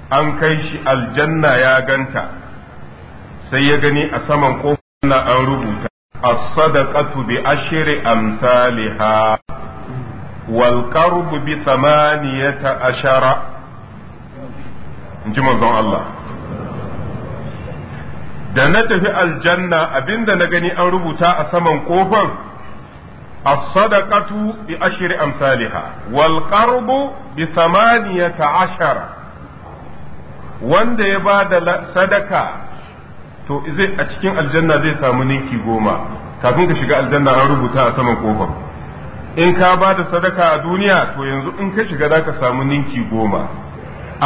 an kai shi aljanna ya ganta sai ya gani a saman ƙofar na an rubuta as-sadaqatu bi ashri amsalha wal qarbu bi thamaniyata ashara in ji manzon Allah da na tafi aljanna abinda na gani an rubuta a saman kofar as-sadaqatu bi ashri amsalha wal qarbu bi thamaniyata wanda ya ba da sadaka to zai a cikin aljanna zai samu ninki goma kafin ka shiga aljanna an rubuta a saman kofar in ka ba da sadaka a duniya to yanzu in ka shiga za ka samu ninki goma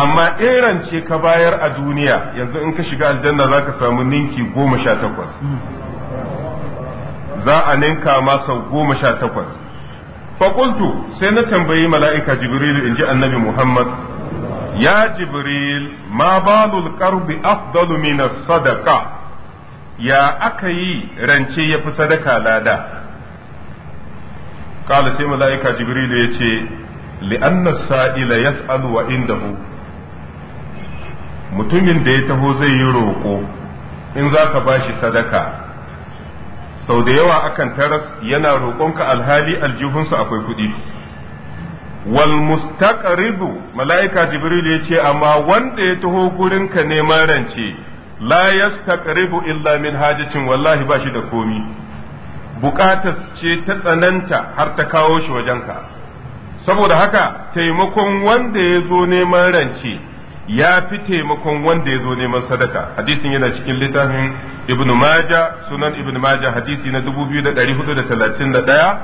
amma in ce ka bayar a duniya yanzu in ka shiga aljanna za ka samu ninki goma sha takwas za a ninka ma sau goma sha takwas faƙultu sai na tambayi mala'ika jibril in ji annabi muhammad ya jibril ma balul karbi afdalu min sadaka ya aka yi rance ya fi sadaka lada قال سيما ملائكة جبريل يتي لأن السائل يسأل وعنده mutumin da ya taho zai yi roƙo in za ka shi sadaka sau da yawa akan taras yana roƙonka alhali aljihunsa akwai kuɗi wal mustaqribu mala'ika jibril ya ce amma wanda ya taho gurinka neman rance la yastaqribu illa min hajatin wallahi ba shi da komi bukatar ce ta tsananta har ta kawo shi wajenka saboda haka taimakon wanda ya zo neman rance ya fi taimakon wanda ya zo neman sadaka hadisin yana cikin littafin ibn maja sunan ibn maja hadisi na 2431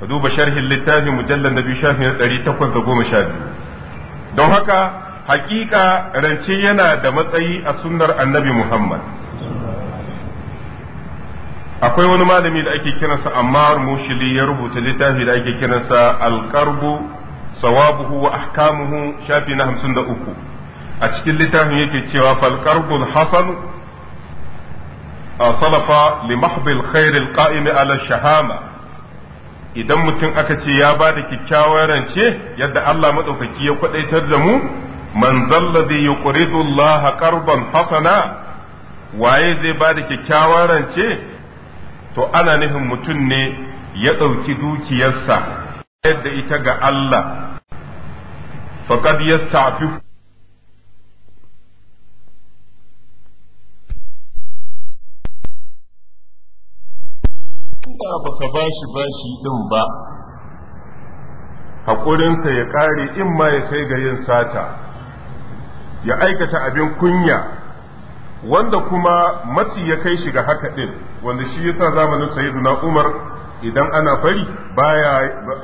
ka duba sharhin littafin mujallar na biyu na 812 don haka hakika rance yana da matsayi a sunnar annabi muhammad akwai wani malami da ake kiransa ammar mushili ya rubuta littafi da ake kiransa alkarbu sawabuhu wa ahkamuhu shafi na hamsin da uku a cikin littafin yake cewa falqarbul hasan salafa li mahbil khairil qa'imi ala shahama idan mutum aka ce ya bada da kyakkyawar rance yadda Allah maɗaukaki ya kwadaitar da mu man zalladhi yuqridu Allah qarban waye zai bada da kyakkyawar rance to ana nufin mutum ne ya ɗauki dukiyarsa da ita ga Allah faqad yasta'fifu ba baka bashi bashi din ba haƙurinsa ya ƙare in ma ya kai ga yin sata ya aikata abin kunya wanda kuma matsi ya kai shi ga haka ɗin wanda shi yasa zamanin sayyiduna umar idan ana fari baya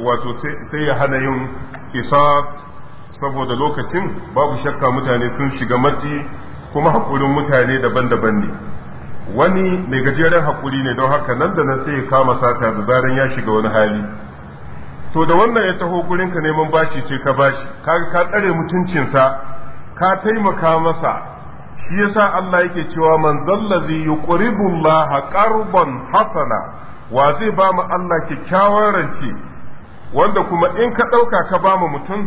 wato sai ya hana yin isa saboda lokacin babu shakka mutane sun shiga matsi kuma haƙurin mutane daban-daban ne wani mai gajeren haƙuri ne don haka nan da nan sai ya kama sata da zaran ya shiga wani hali to da wannan ya taho gurinka neman bashi ce ka bashi ka tsare mutuncinsa ka taimaka masa shi yasa Allah yake cewa man zallazi yuqribu Allah qarban hasana wa zai ba mu Allah kyakkyawan rance wanda kuma in ka ɗauka ka ba mu mutum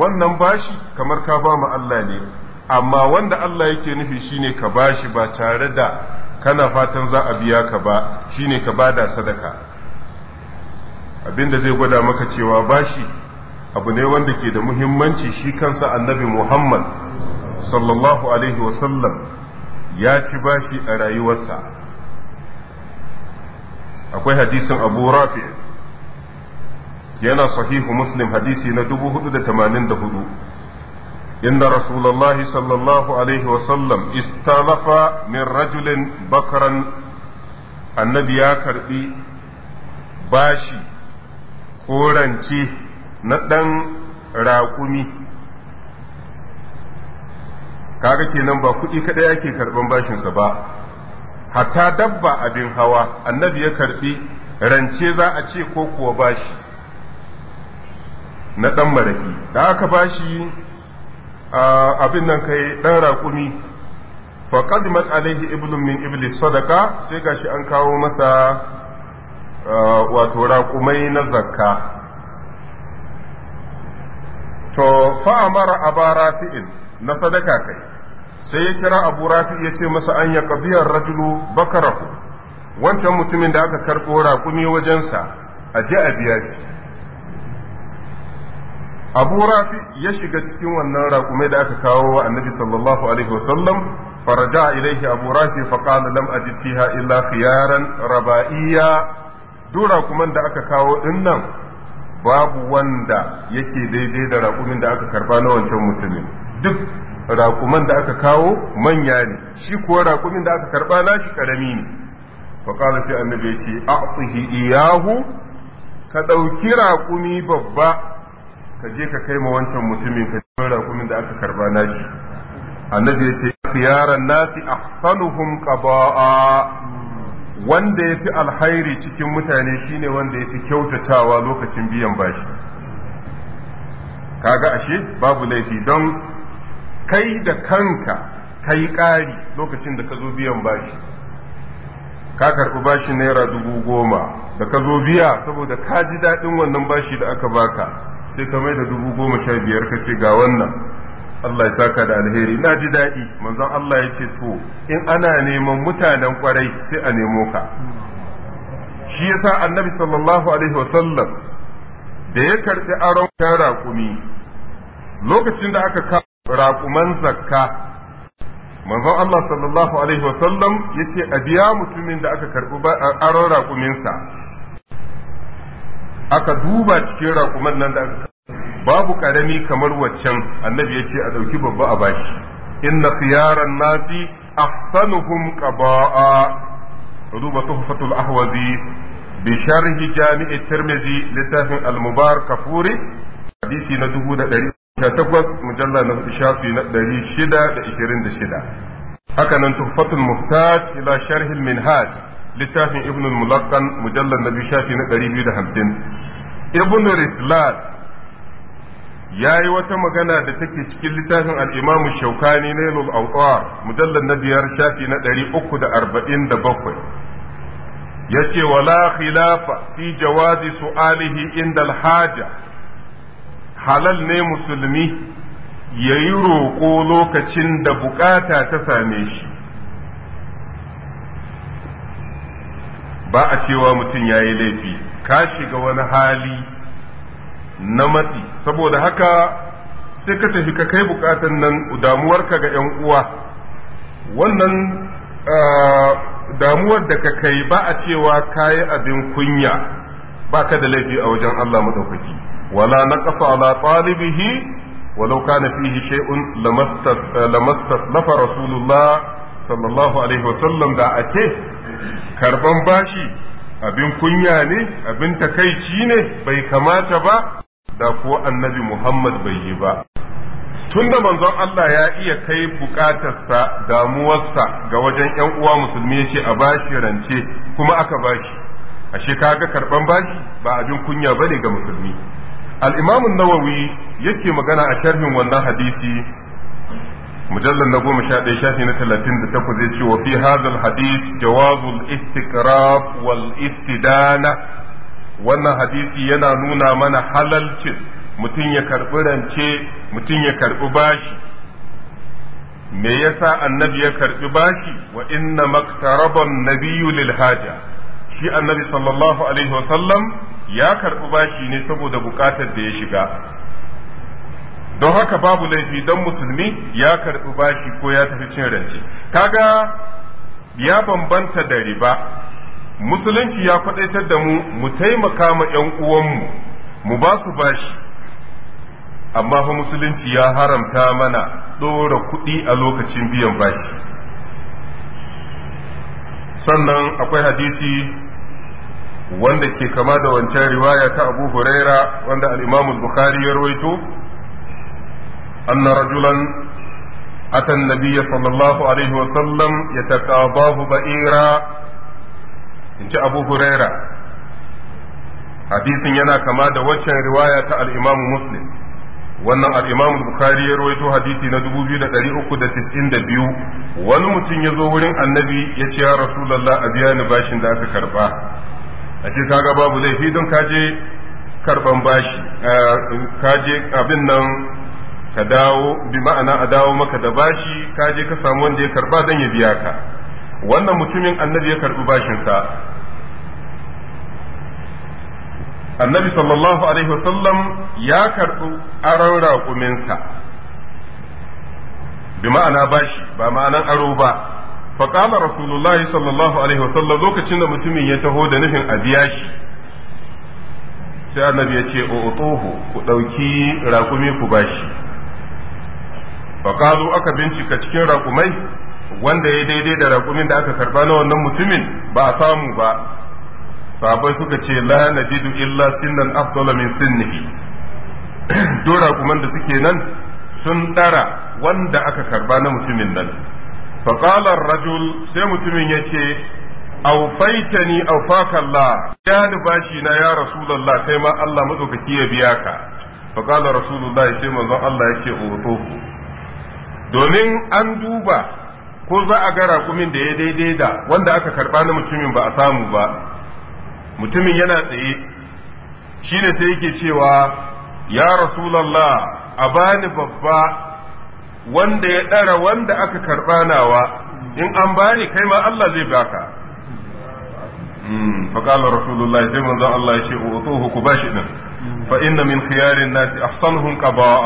wannan bashi kamar ka ba mu Allah ne amma wanda Allah yake nufi shine ka bashi ba tare da kana fatan za a biya ka ba shine ka bada sadaka abinda zai gwada maka cewa bashi abu ne wanda ke da muhimmanci shi kansa annabi Muhammad sallallahu alaihi wasallam ya ci bashi a rayuwarsa akwai hadisin abu rafi yana sahihu muslim hadisi na 484 inda rasulallahi sallallahu alaihi wasallam istalafa min rajulin bakaran annabi ya karbi bashi ko na ɗan raƙumi kaga kenan ba kuɗi kaɗai ake karɓan bashinsa ba hatta dabba abin hawa annabi ya karbi rance za a ce ko kuwa bashi na ɗan maraki da aka bashi abin nan kai ɗan raƙumi faƙadimat alaihi iblun min iblis sadaka sai gashi an kawo masa wato raƙumai na zakka to fa'amara a bara fi'in na sadaka kai sai ya kira abu rafi ya ce masa an ya kabiyar rajulu bakarahu wancan mutumin da aka karɓo raƙumi wajensa a je a biya shi abu rafi ya shiga cikin wannan raƙumai da aka kawo wa annabi sallallahu alaihi wasallam faraja ilaihi abu rafi faqala lam ajid fiha illa khiyaran rabaiya dura kuma da aka kawo dinnan babu wanda yake daidai da raƙumin da aka karba na wancan mutumin duk raƙuman da aka kawo manya ne shi kuwa raƙumin da aka karɓa nashi ƙarami ne faƙala sai annabi ya ce a'tihi iyahu ka ɗauki raƙumi babba ka je ka kai ma wancan mutumin ka je raƙumin da aka karɓa nashi annabi ya ce yaran nasi sanuhun ƙaba'a wanda ya fi alhairi cikin mutane shine wanda ya fi kyautatawa lokacin biyan bashi kaga ashe babu laifi don kai da kanka ka yi ƙari lokacin da ka zo biyan bashi ka karɓi bashi naira dubu goma da ka zo biya saboda ka ji daɗin wannan bashi da aka baka sai ka mai da dubu goma sha biyar ka ce ga wannan Allah ya saka da alheri na ji daɗi manzon Allah ya ce to in ana neman mutanen kwarai sai a nemo ka shi yasa annabi sallallahu alaihi wasallam da ya karɓi aron raƙumi lokacin da aka kawo. raƙuman zakka manzon Allah sallallahu alaihi wasallam yace a biya mutumin da aka karɓi aron raƙuminsa aka duba cikin raƙuman nan da aka babu ƙarami kamar waccan annabi yace a ɗauki babba a bashi inna khiyaran nasi ahsanuhum qaba'a duba tuhfatul ahwazi bi sharhi jami'i tirmidhi littafin al-mubarak kafuri hadisi na dubu da ɗari ta takwas mujalla na shafi na ɗari shida da ishirin da shida haka nan tuhfatul muhtaj ila sharhil minhaj littafin ibn al-mulakkan mujalla na biyu shafi na ɗari biyu da hamsin ibn rislat ya yi wata magana da take cikin littafin al shaukani na yalul awtar mujalla na biyar shafi na ɗari uku da arba'in da bakwai ya ce wala khilafa fi jawazi su'alihi inda al-haja halal ne musulmi ya yi roƙo lokacin da bukata ta same shi ba a cewa mutum ya yi laifi ka shiga wani hali na matsi saboda haka sai ka tafi ka kai bukatan nan damuwarka ga 'yan uwa wannan damuwar da ka kai ba a cewa ka yi abin kunya ba ka da laifi a wajen Allah maɗaukaki wala naqasa ala talibihi walau kana fihi shay'un lamastasnafa rasulullah sallallahu alaihi wasallam da ake karban bashi abin kunya ne abin takaici ne bai kamata ba da ko annabi Muhammad bai yi ba tunda manzon Allah ya iya kai bukatarsa damuwarsa ga wajen ‘yan uwa musulmi ya ce a bashi rance kuma aka bashi ashe kaga karban bashi ba abin kunya ba ne ga musulmi Al'imamin imam an-nawawi yake magana a sharhin wannan hadisi mujallar na goma sha ɗaya shafi na talatin da takwas zai ce wa fi hadal jawazul istiqraf wal istidana wannan hadisi yana nuna mana halalcin mutum ya karɓi rance mutum ya karɓi bashi me yasa annabi ya karɓi bashi wa inna maktaraba nabiyyu lil haja shi annabi sallallahu alaihi wasallam ya karɓi bashi ne saboda buƙatar da ya shiga don haka babu laifi don musulmi ya karɓi bashi ko ya tafi cin rance kaga ya bambanta da riba musulunci ya faɗaitar da mu mu taimaka ma 'yan uwanmu mu ba su bashi amma fa musulunci ya haramta mana ɗora kuɗi a lokacin biyan bashi sannan akwai hadisi wanda ke kama da wancan riwaya ta abu huraira wanda al'imam bukhari ya rawaito anna rajulan atan nabiyya sallallahu alaihi wasallam ya babu ba'ira in ci abu huraira hadisin yana kama da wancan riwaya ta al'imam muslim wannan al'imam bukhari ya rawaito hadisi na 2392 wani mutum ya zo wurin annabi ya ce ya rasulallah a biya ni bashin da aka karba a ce kaga babu laifi don kaje karban bashi kaje abin nan ka dawo bi ma'ana a dawo maka da bashi kaje ka samu wanda ya karba don ya biya ka wannan mutumin annabi ya karbi bashinsa annabi sallallahu alaihi wasallam ya karbi aron raƙuminsa bi ma'ana bashi ba ma'anan aro ba faƙala rasulullahi sallallahu alaihi wasallam lokacin da mutumin ya taho da nufin a biya shi sai annabi ya ce o'otohu ku ɗauki raƙumi ku bashi faƙalu aka bincika cikin raƙumai wanda ya daidai da rakumin da aka karba na wannan mutumin ba a samu ba sabai suka ce la najidu illa sinnan afdala min sinnihi duk raƙuman da suke nan sun ɗara wanda aka karba na mutumin nan faƙalar rajul sai mutumin ya ce aufaitani aufakallah ya bashi na ya يا رسول الله Allah الله ya biya ka faƙalar رسول الله manzon Allah ya ce otoku domin an duba ko za a ga raƙumin da ya daidai da wanda aka karɓa na mutumin ba a samu ba mutumin yana tsaye shi ne sai yake cewa ya rasulallah a bani babba wanda ya ɗara wanda aka karɓa nawa in an bani kai ma Allah zai baka فقال رسول الله زي من ذا الله يشيء وطوه كباشئنا فإن من خيار الناس أحسنهم قضاء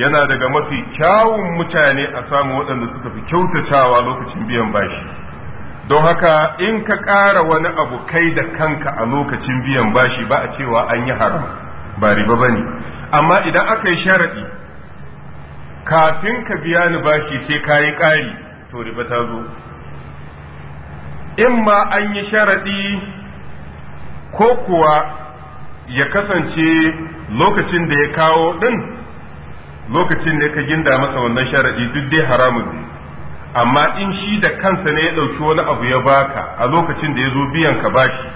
yana daga mafi kyawun mutane a samu waɗanda suka fi kyautatawa lokacin biyan bashi don haka in ka ƙara wani abu kai da kanka a lokacin biyan bashi ba a cewa an yi haram ba riba ba ne amma idan aka yi sharaɗi kafin ka biya ni bashi sai ka yi ƙari to riba ta zo in ma an yi sharaɗi ko kuwa ya kasance lokacin da ya kawo ɗin lokacin da ka ginda masa wannan sharaɗi duk dai haramun ne amma in shi da kansa ne ya ɗauki wani abu ya baka a lokacin da ya zo biyan ka bashi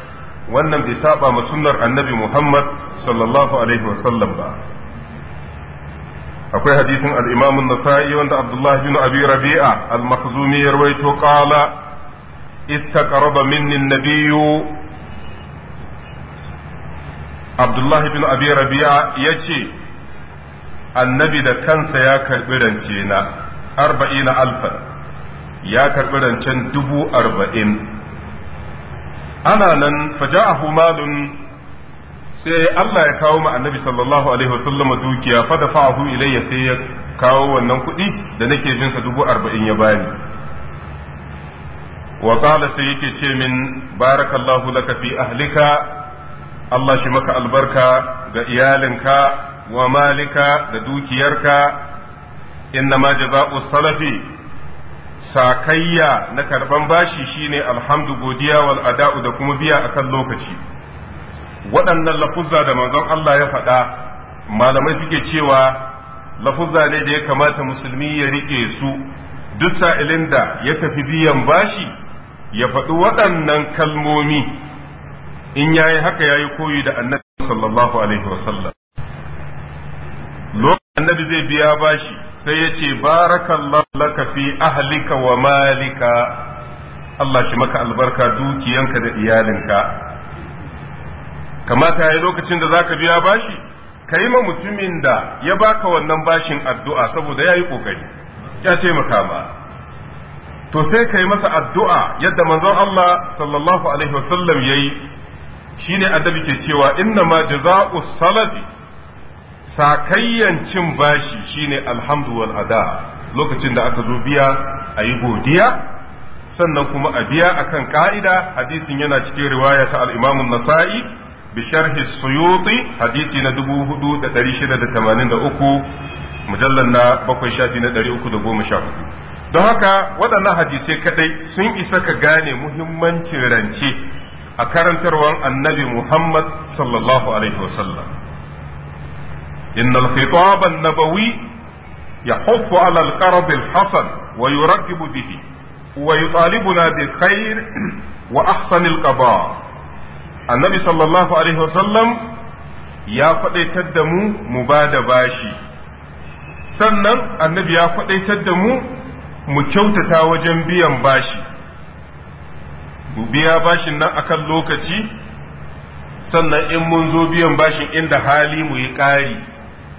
wannan bai saba ma sunnar annabi muhammad sallallahu alaihi wasallam ba akwai hadisin al-Imam an-Nasa'i wanda Abdullah bin Abi Rabi'a al-Makhzumi ya rawaito qala istaqaraba minni an-nabiyyu Abdullah bin Abi Rabi'a yace annabi da kansa ya karbi rance na 40 alfan ya karbi rancen dubu arba'in ana nan faja'ahu sai Allah ya kawo ma annabi sallallahu alaihi wasallam dukiya fa da fa'ahu ilayya sai ya kawo wannan kuɗi da nake jin sa dubu arba'in ya bani wa qala sai yake ce min barakallahu laka fi ahlika Allah shi maka albarka ga iyalinka wa malika da dukiyarka ma jaza'u salafi sakayya na karban bashi shine alhamdu godiya wal ada'u da kuma biya akan lokaci waɗannan lafuzza da manzon Allah ya faɗa malamai suke cewa lafuzza ne da ya kamata musulmi ya riƙe su duk sa'ilin da ya tafi biyan bashi ya faɗi waɗannan kalmomi in yayi haka yayi koyi da annabi sallallahu alaihi wasallam lokacin annabi zai biya bashi sai ya ce barakallahu laka fi ahlika wa malika Allah shi maka albarka dukiyanka da iyalinka kamata yi lokacin da zaka biya bashi ka yi ma mutumin da ya baka wannan bashin addu'a saboda ya yi ƙoƙari ya taimaka ma to sai ka yi masa addu'a yadda manzon Allah sallallahu alaihi wasallam ya yi shi ne adabi ke cewa inna ma jaza'u salafi sakayyan bashi shine alhamdu wal ada lokacin da aka zo biya a yi godiya sannan kuma a biya akan ka'ida hadisin yana cikin riwaya ta al'imamin nasa'i بشرح السيوط حديثي لدبو هدو تدري شدة تمانين دأكو مجلنا بقوي شاتي ندري أكو دبو مشاهد da haka waɗannan hadisai kadai sun isa ka gane muhimmancin rance a karantarwar annabi Muhammad sallallahu alaihi wasallam inna al-khitab an-nabawi yahuffu 'ala al-qarab al-hasan wa yurakibu bihi wa bi khair wa ahsan al annabi sallallahu alaihi wasallam ya faɗaitar da mu mu ba da bashi sannan annabi ya faɗaitar da mu mu kyautata wajen biyan bashi mu biya bashin nan akan lokaci sannan in mun zo biyan bashin inda hali mu yi ƙari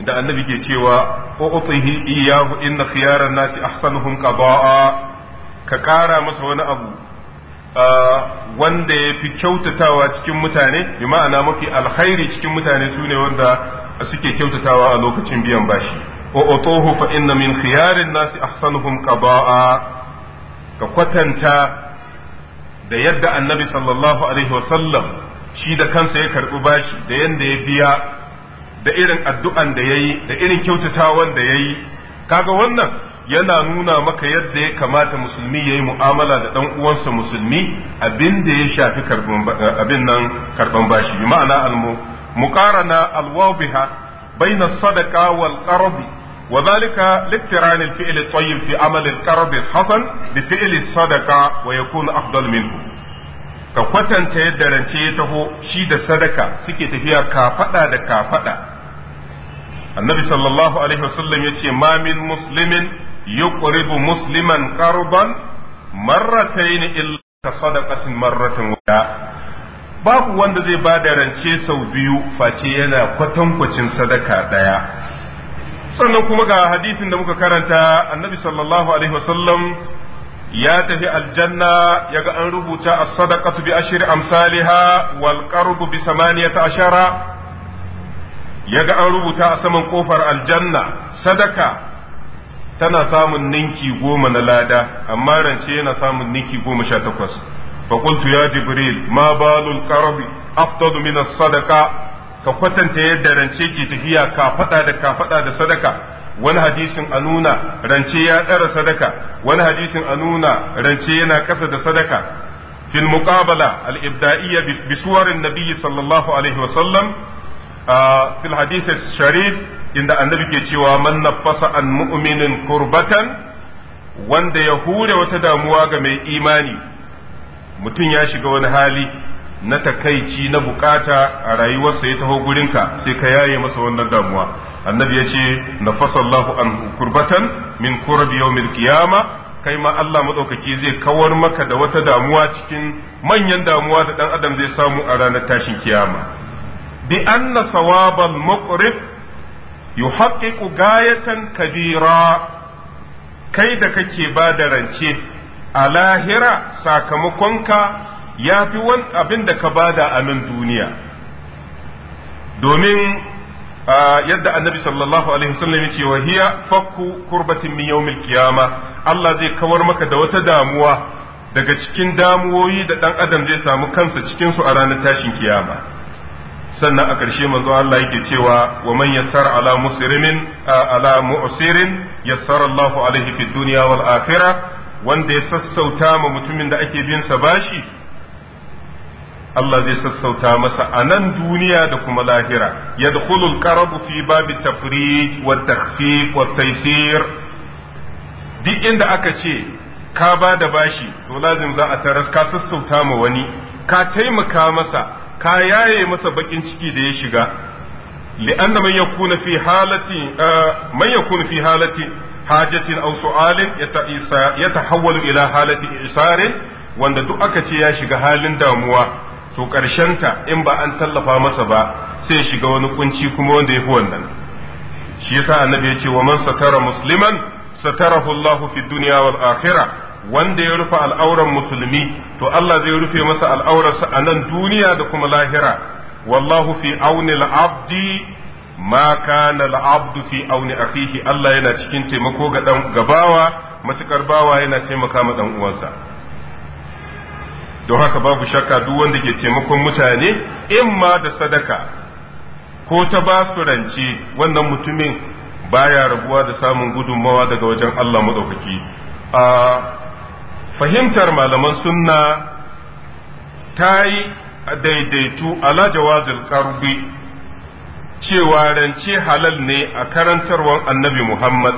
da annabi ke cewa uqtihi iyahu inna khiyaran nasi ahsanuhum qada'a ka ƙara masa wani abu wanda ya fi kyautatawa cikin mutane bi ma'ana mafi alkhairi cikin mutane su ne wanda suke kyautatawa a lokacin biyan bashi wa utuhu fa inna min khiyarin nasi ahsanuhum qada'a ka kwatanta da yadda annabi sallallahu alaihi wa sallam shi da kansa ya karbi bashi da yanda ya biya da irin addu'an da yayi da irin kyautatawan da yayi kaga wannan yana nuna maka yadda ya kamata musulmi ya yi mu'amala da ɗan uwansa musulmi abin da ya shafi eh, abin nan karban bashi bi ma'ana almu muqarana alwabiha baina sadaqa wal qarbi wa dhalika liqtiran al fi'l al tayyib fi amal al qarb hasan bi fi'l al sadaqa wa yakun afdal minhu ka kwatanta yadda rance ya taho shi da sadaka suke tafiya kafada da kafada annabi sallallahu alaihi wasallam yace ma min muslimin يقرب مسلما قربا مرتين illa sadaqatin marratan wahida باب wanda zai ba da rance sau biyu face yana kwatankwacin sadaka daya sannan kuma ga hadisin da muka karanta annabi sallallahu alaihi wasallam ya tafi aljanna ya ga an rubuta a sadaqatu bi ashri amsalha wal qardu bi samaniyata ashara ya ga an rubuta a saman kofar aljanna sadaka tana samun ninki goma na lada amma rance yana samun ninki goma sha takwas فقلت ya جبريل ما بال القرب أفضل من ka kwatanta yadda rance ke tafiya ka faɗa da ka faɗa da sadaka wani hadisin a nuna rance ya tsara sadaka wani hadisin a nuna rance yana ƙasa da sadaka fil muqabala al ibda'iyya bi suwarin nabiyyi sallallahu alaihi wa sallam fil hadith sharif inda annabi ke cewa man nafasa an mu'minin kurbatan wanda ya hure wata damuwa ga mai imani mutum ya shiga wani hali na takaici na bukata a rayuwarsa ya taho gurinka sai ka yaye masa wannan damuwa annabi ya ce nafasa Allahu an kurbatan min kurbi yawmil qiyama kai ma Allah madaukaki zai kawar maka da wata damuwa cikin manyan damuwa da dan adam zai samu a ranar tashin kiyama bi anna sawabal muqrif yuhaqqiqu gayatan kabira kai da kake ba da rance a lahira sakamakonka ya fi abin da ka bada a nan duniya domin yadda annabi sallallahu alaihi wasallam yake wa hiya fakku kurbatin min yawmil qiyama Allah zai kawar maka da wata damuwa daga cikin damuwoyi da ɗan adam zai samu kansa cikinsu a ranar tashin kiyama sannan a ƙarshe manzo Allah yake cewa wa man yassara ala musrimin ala mu'sirin yassara Allahu alaihi fid dunya wal akhirah wanda ya sassauta ma mutumin da ake bin sa bashi Allah zai sassauta masa a nan duniya da kuma lahira yadkhulul qarabu fi babi tafrij wa takhfif wa taysir duk inda aka ce ka ba da bashi to lazim za a taras ka sassauta ma wani ka taimaka masa ka yaye masa bakin ciki da ya shiga li'anna man yakuna fi halati ah, man yakuna fi halati hajatin aw su'alin yatahawwalu ila halati isarin wanda duk aka ce ya shiga halin damuwa to ta in ba an tallafa masa ba sai shiga wani kunci kuma wanda yafi wannan shi yasa annabi ya ce wa man satara musliman satarahu Allah fi dunya wal akhirah wanda ya rufe al'auran musulmi to Allah zai rufe masa al'aurarsa a nan duniya da kuma lahira wallahu fi auni al'abdi ma kana al'abdu fi auni akhihi Allah yana cikin taimako ga dan gabawa matukar bawa yana taimaka ma dan uwansa don haka babu shakka duk wanda ke taimakon mutane in ma da sadaka ko ta basu rance wannan mutumin baya rabuwa da samun gudunmawa daga wajen Allah madaukaki a ah, fahimtar malaman sunna ta yi daidaitu ala jawazil karbi cewa rance halal ne a karantarwar annabi Muhammad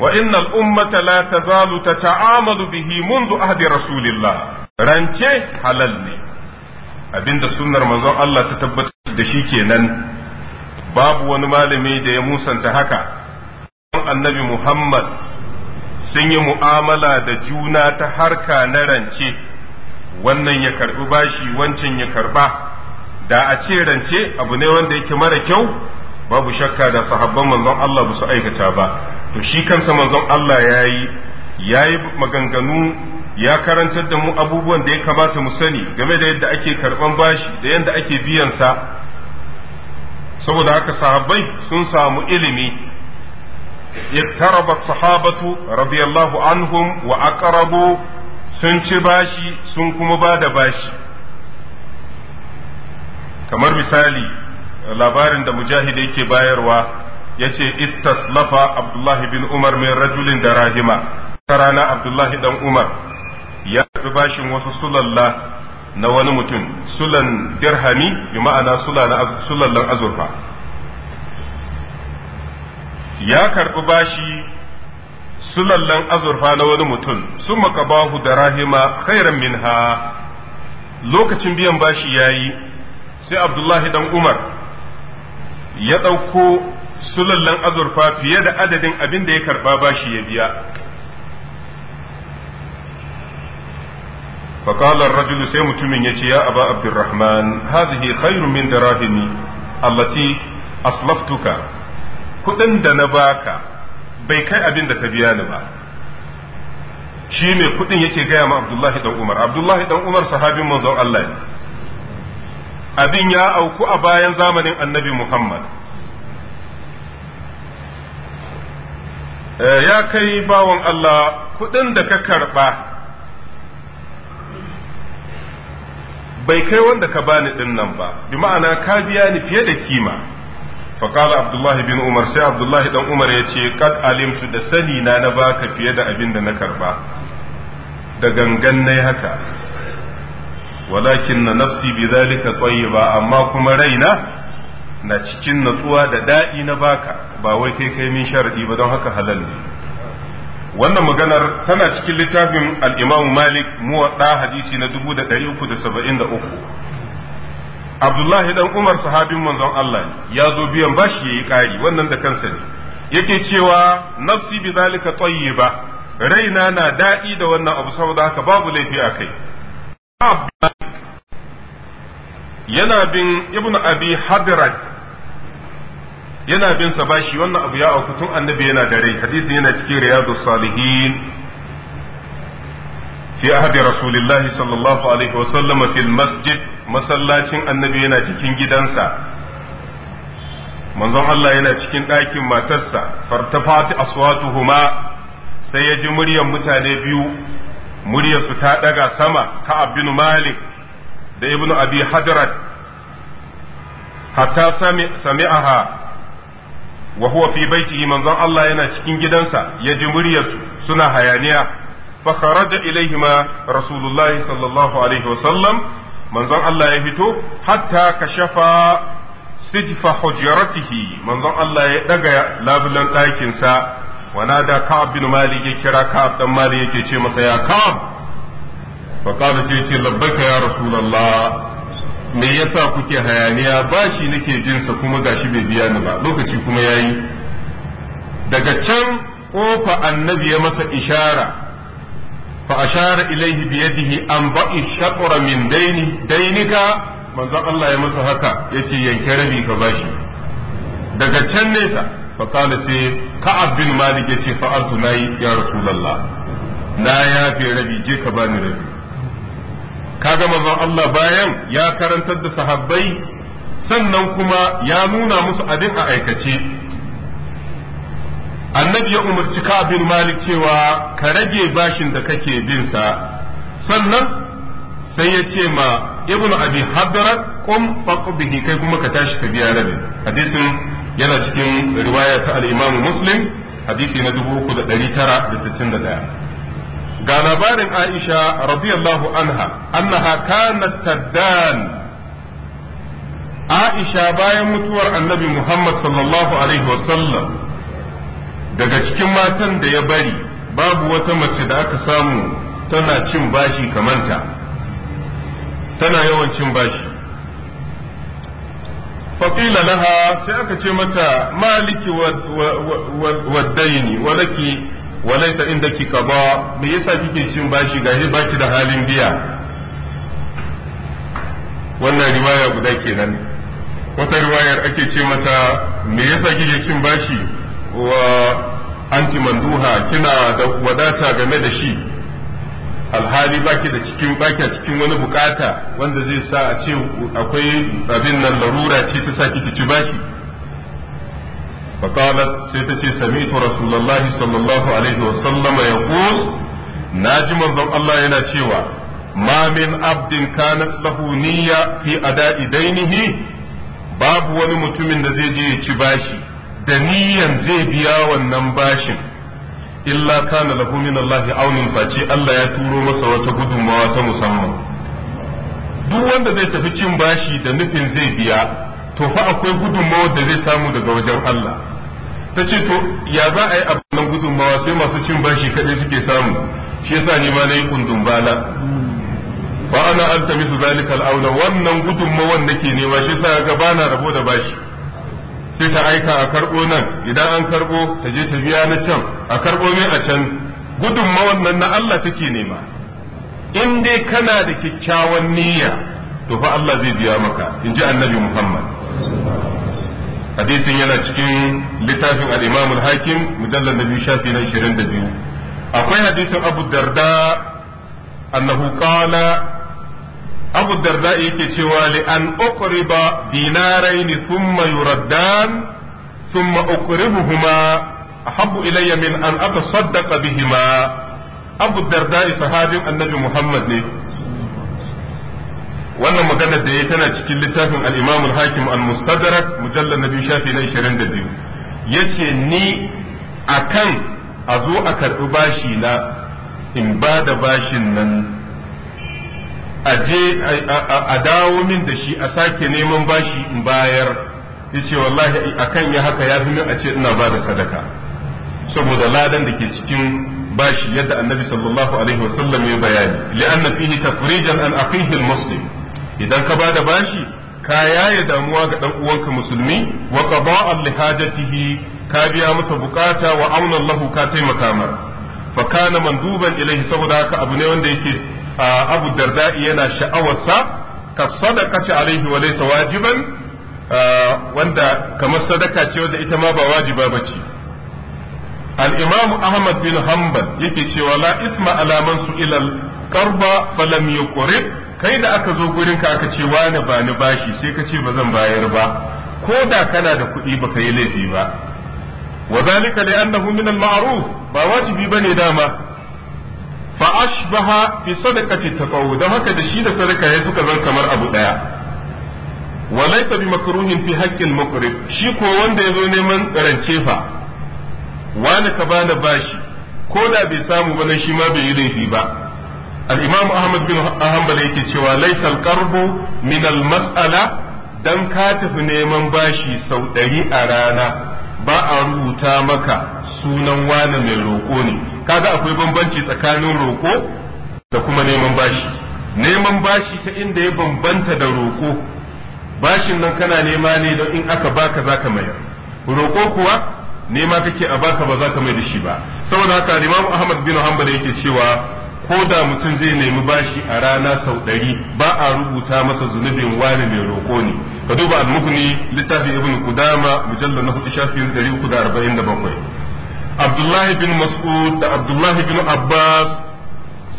wa innal ummata la ta'amalu tata'amalu bihi منذ ahdi rasulillah rance halal ne abinda sunnar manzon Allah ta tabbatar da shi kenan babu wani malami da ya musanta haka annabi Muhammad sun yi mu'amala da juna ta harka na rance wannan ya karbi bashi wancan ya karba da a ce rance abu ne wanda yake mara kyau babu shakka da sahabban manzon Allah ba su aikata ba to shi kansa manzon Allah ya yi maganganu ya karantar da mu abubuwan da ya kamata mu sani game da yadda ake karban bashi da yadda ake biyan sa saboda haka sahabbai sun samu ilimi sahabatu اقترب wa رضي الله عنهم وأقربوا سنش باشي سنكم بعد bashi. kamar misali labarin da mujahid ke bayarwa ya ce istaslafa abdullahi bin umar mai rajulin da rahima ta rana abdullahi dan umar ya karɓi bashin wasu sulalla na wani mutum sulan dirhami bi ma'ana sulallan azurfa ya karɓi bashi sulallan azurfa na wani mutum sun bahu da rahima khairan minha lokacin biyan bashi ya yi sai abdullahi dan umar ya ɗauko sulallan azurfa fiye da adadin abin da ya karɓa bashi ya biya فقال الرجل سيمت من يتي يا أبا عبد الرحمن هذه خير من دراهمي التي أصلفتك kuɗin da na baka bai kai abin da ka biya ni ba shi mai kudin yake gaya ma abdullahi dan umar abdullahi dan umar sahabin manzon allah ne abin ya auku a bayan zamanin annabi muhammad eh, ya kai bawan allah kuɗin da ka karɓa bai kai wanda ka bani din ba bi ma'ana ka biya ni fiye da kima فقال Abdullahi bin Umar. Sai Abdullahi dan Umar ya ce يتي Alimtu da sani na na baka fiye da abin da na karba da gangan nayi haka walakin na nafsi bi zalika ba amma kuma raina na cikin natsuwa da daɗi na baka ba wai kai kai min ba don haka halal ne wannan maganar tana cikin littafin al-Imam Malik muwadda hadisi na 1373 abdullahi dan umar sahabin manzon Allah ya zo biyan bashi yayi kari wannan da kansa ne yake cewa nafsi bi zalika tayyiba raina na daɗi da wannan abu saboda haka babu laifi a kai yana bin ibn abi hadirat yana bin sa bashi wannan abu ya auku tun annabi yana da rai hadisi yana cikin riyadus salihin fi ahadi rasulillahi sallallahu alaihi wasallam fil masjid masallacin annabi yana cikin gidansa manzon Allah yana cikin ɗakin matarsa fartafati aswatuhuma sai ya ji mutane biyu muryarsu ta ɗaga sama ka bin malik da ibnu abi hadrat hatta sami'aha wa huwa fi baitihi manzon Allah yana cikin gidansa ya ji muryarsu suna hayaniya fa kharaja ilaihima rasulullahi sallallahu alaihi wasallam manzon Allah ya fito hatta kashafa sijfa hujratihi manzon Allah ya daga labulan ɗakin sa ونادى كعب بن مالك ya kira Ka'ab dan Malik yake ce masa ya Ka'ab fa qala sai ce labbaka ya rasulullah me yasa kuke hayaniya bashi nake jinsa sa kuma gashi bai biya ni ba lokaci kuma yayi daga can kofa annabi ya masa ishara fa share ilaihi bi yadihi an ba'i shaqra min daini dainika manzon Allah ya masa haka yace yanke rabi ka bashi daga can nesa fa kana ce ka'ab bin malik yace fa ya rasulallah na yafe rabi je ka bani rabi kaga manzon Allah bayan ya karantar da sahabbai sannan kuma ya nuna musu abin a aikace annabi ya umarci kabin malik cewa ka rage bashin da kake binsa sannan sai ya ce ma ibn abi hadara kum faqbihi kai kuma ka tashi ka biya rabin hadisin yana cikin riwaya ta al-imam muslim hadisi na 3961 ga labarin aisha radiyallahu anha annaha kanat taddan aisha bayan mutuwar annabi muhammad sallallahu alaihi wasallam daga cikin matan da ya bari babu wata mace da aka samu tana cin bashi kamanta tana yawan cin bashi faƙila laha sai aka ce mata maliki waddaini walaki walaita inda kika ba me yasa kike cin bashi gashi baki da halin biya wannan riwaya guda kenan wata riwayar ake ce mata me yasa kike cin bashi anti Manduha, kina da wadata game da shi, alhali ba ke a cikin wani bukata wanda zai sa a ce akwai abin nan da rura ce ta sa ke ci bashi. Bakwala sai ta ce sami ta Rasulallah sallallahu alaihi wa sallama ya ƙu na ji Allah yana cewa mamin abdin kanas lahuniya ya fi a daɗi daini, babu wani mutumin da zai je ya ci bashi. da niyan zai biya wannan bashin illa kana lahu min Allah aunin face Allah ya turo masa wata gudunmawa ta musamman duk wanda zai tafi cin bashi da nufin zai biya to fa akwai gudunmawa da zai samu daga wajen Allah ta ce to ya za a yi abin gudunmawa sai masu cin bashi kaɗai suke samu shi yasa ni ma na yi kundun bala ba ana an zalikal auna wannan gudunmawan nake nema shi yasa ga bana rabo da bashi sai ta aika a karɓo nan idan an karɓo ta je ta biya na can a karɓo min a can gudun nan na Allah take nema in dai kana da kyakkyawan niyya to fa Allah zai biya maka in ji annabi Muhammad hadisin yana cikin littafin al-Imam al-Hakim mujallal nabi shafi na 22 akwai hadisin Abu Darda annahu qala abu darda yake cewa li an uqriba dinaraini thumma yuraddan thumma uqribuhuma ahabbu ilayya min an atasaddaqa bihima abu darda sahabin annabi muhammad ne wannan magana da ya tana cikin littafin al-imam al-hakim al-mustadrak mujallal nabi shafi na 22 yace ni akan a zo a karɓi bashi na in ba da bashin nan a je a dawo min da shi a sake neman bashi in bayar ce wallahi kan ya haka ya fi min a ce ina ba da sadaka saboda ladan da ke cikin bashi yadda annabi sallallahu alaihi wa sallam ya bayani li'anna fihi tafrijan an aqihi al-muslim idan ka bada bashi ka yaye damuwa ga dan uwanka musulmi wa qada'an li hajatihi ka biya masa bukata wa auna lahu ka taimaka mar fa kana manduban ilaihi saboda haka abu ne wanda yake abu darda yana sha'awarsa ka sadaqati alaihi wa laysa wajiban wanda kamar sadaka ce wanda ita ma ba wajiba bace al-imam ahmad bin hanbal yake cewa la isma ala man su'ila qarba falam yuqrib kai da aka zo gurin ka aka ce wani ba ni bashi sai ka ce ba zan bayar ba ko da kana da kuɗi baka yi laifi ba wa zalika li annahu min al-ma'ruf ba wajibi bane dama fa ashbaha bi sadaqati tatawwu dan haka da shi da sadaka ya suka zan kamar abu daya wa laysa bi makruhin fi haqqil muqrib shi ko wanda yazo neman rance fa wani ka bana bashi ko da bai samu ba shi ma bai yi laifi ba al-imam ahmad bin hanbal yake cewa laysa al-qarbu min al-mas'ala dan ka tafi neman bashi sau ɗari a rana ba a rubuta maka sunan wani mai roƙo ne kaga akwai bambanci tsakanin roƙo da kuma neman bashi neman bashi ta inda ya bambanta da roƙo bashin nan kana nema ne don in aka baka zaka mayar roƙo kuwa nema kake a baka ba zaka mai da shi ba saboda haka Imam Ahmad bin Hanbal yake cewa ko da mutum zai nemi bashi a rana sau ɗari ba a rubuta masa zunubin wani mai roƙo ne ka duba al-mughni littafin ibn qudama mujallal na shafi 347 abdullahi bin mas'ud da abdullahi bin abbas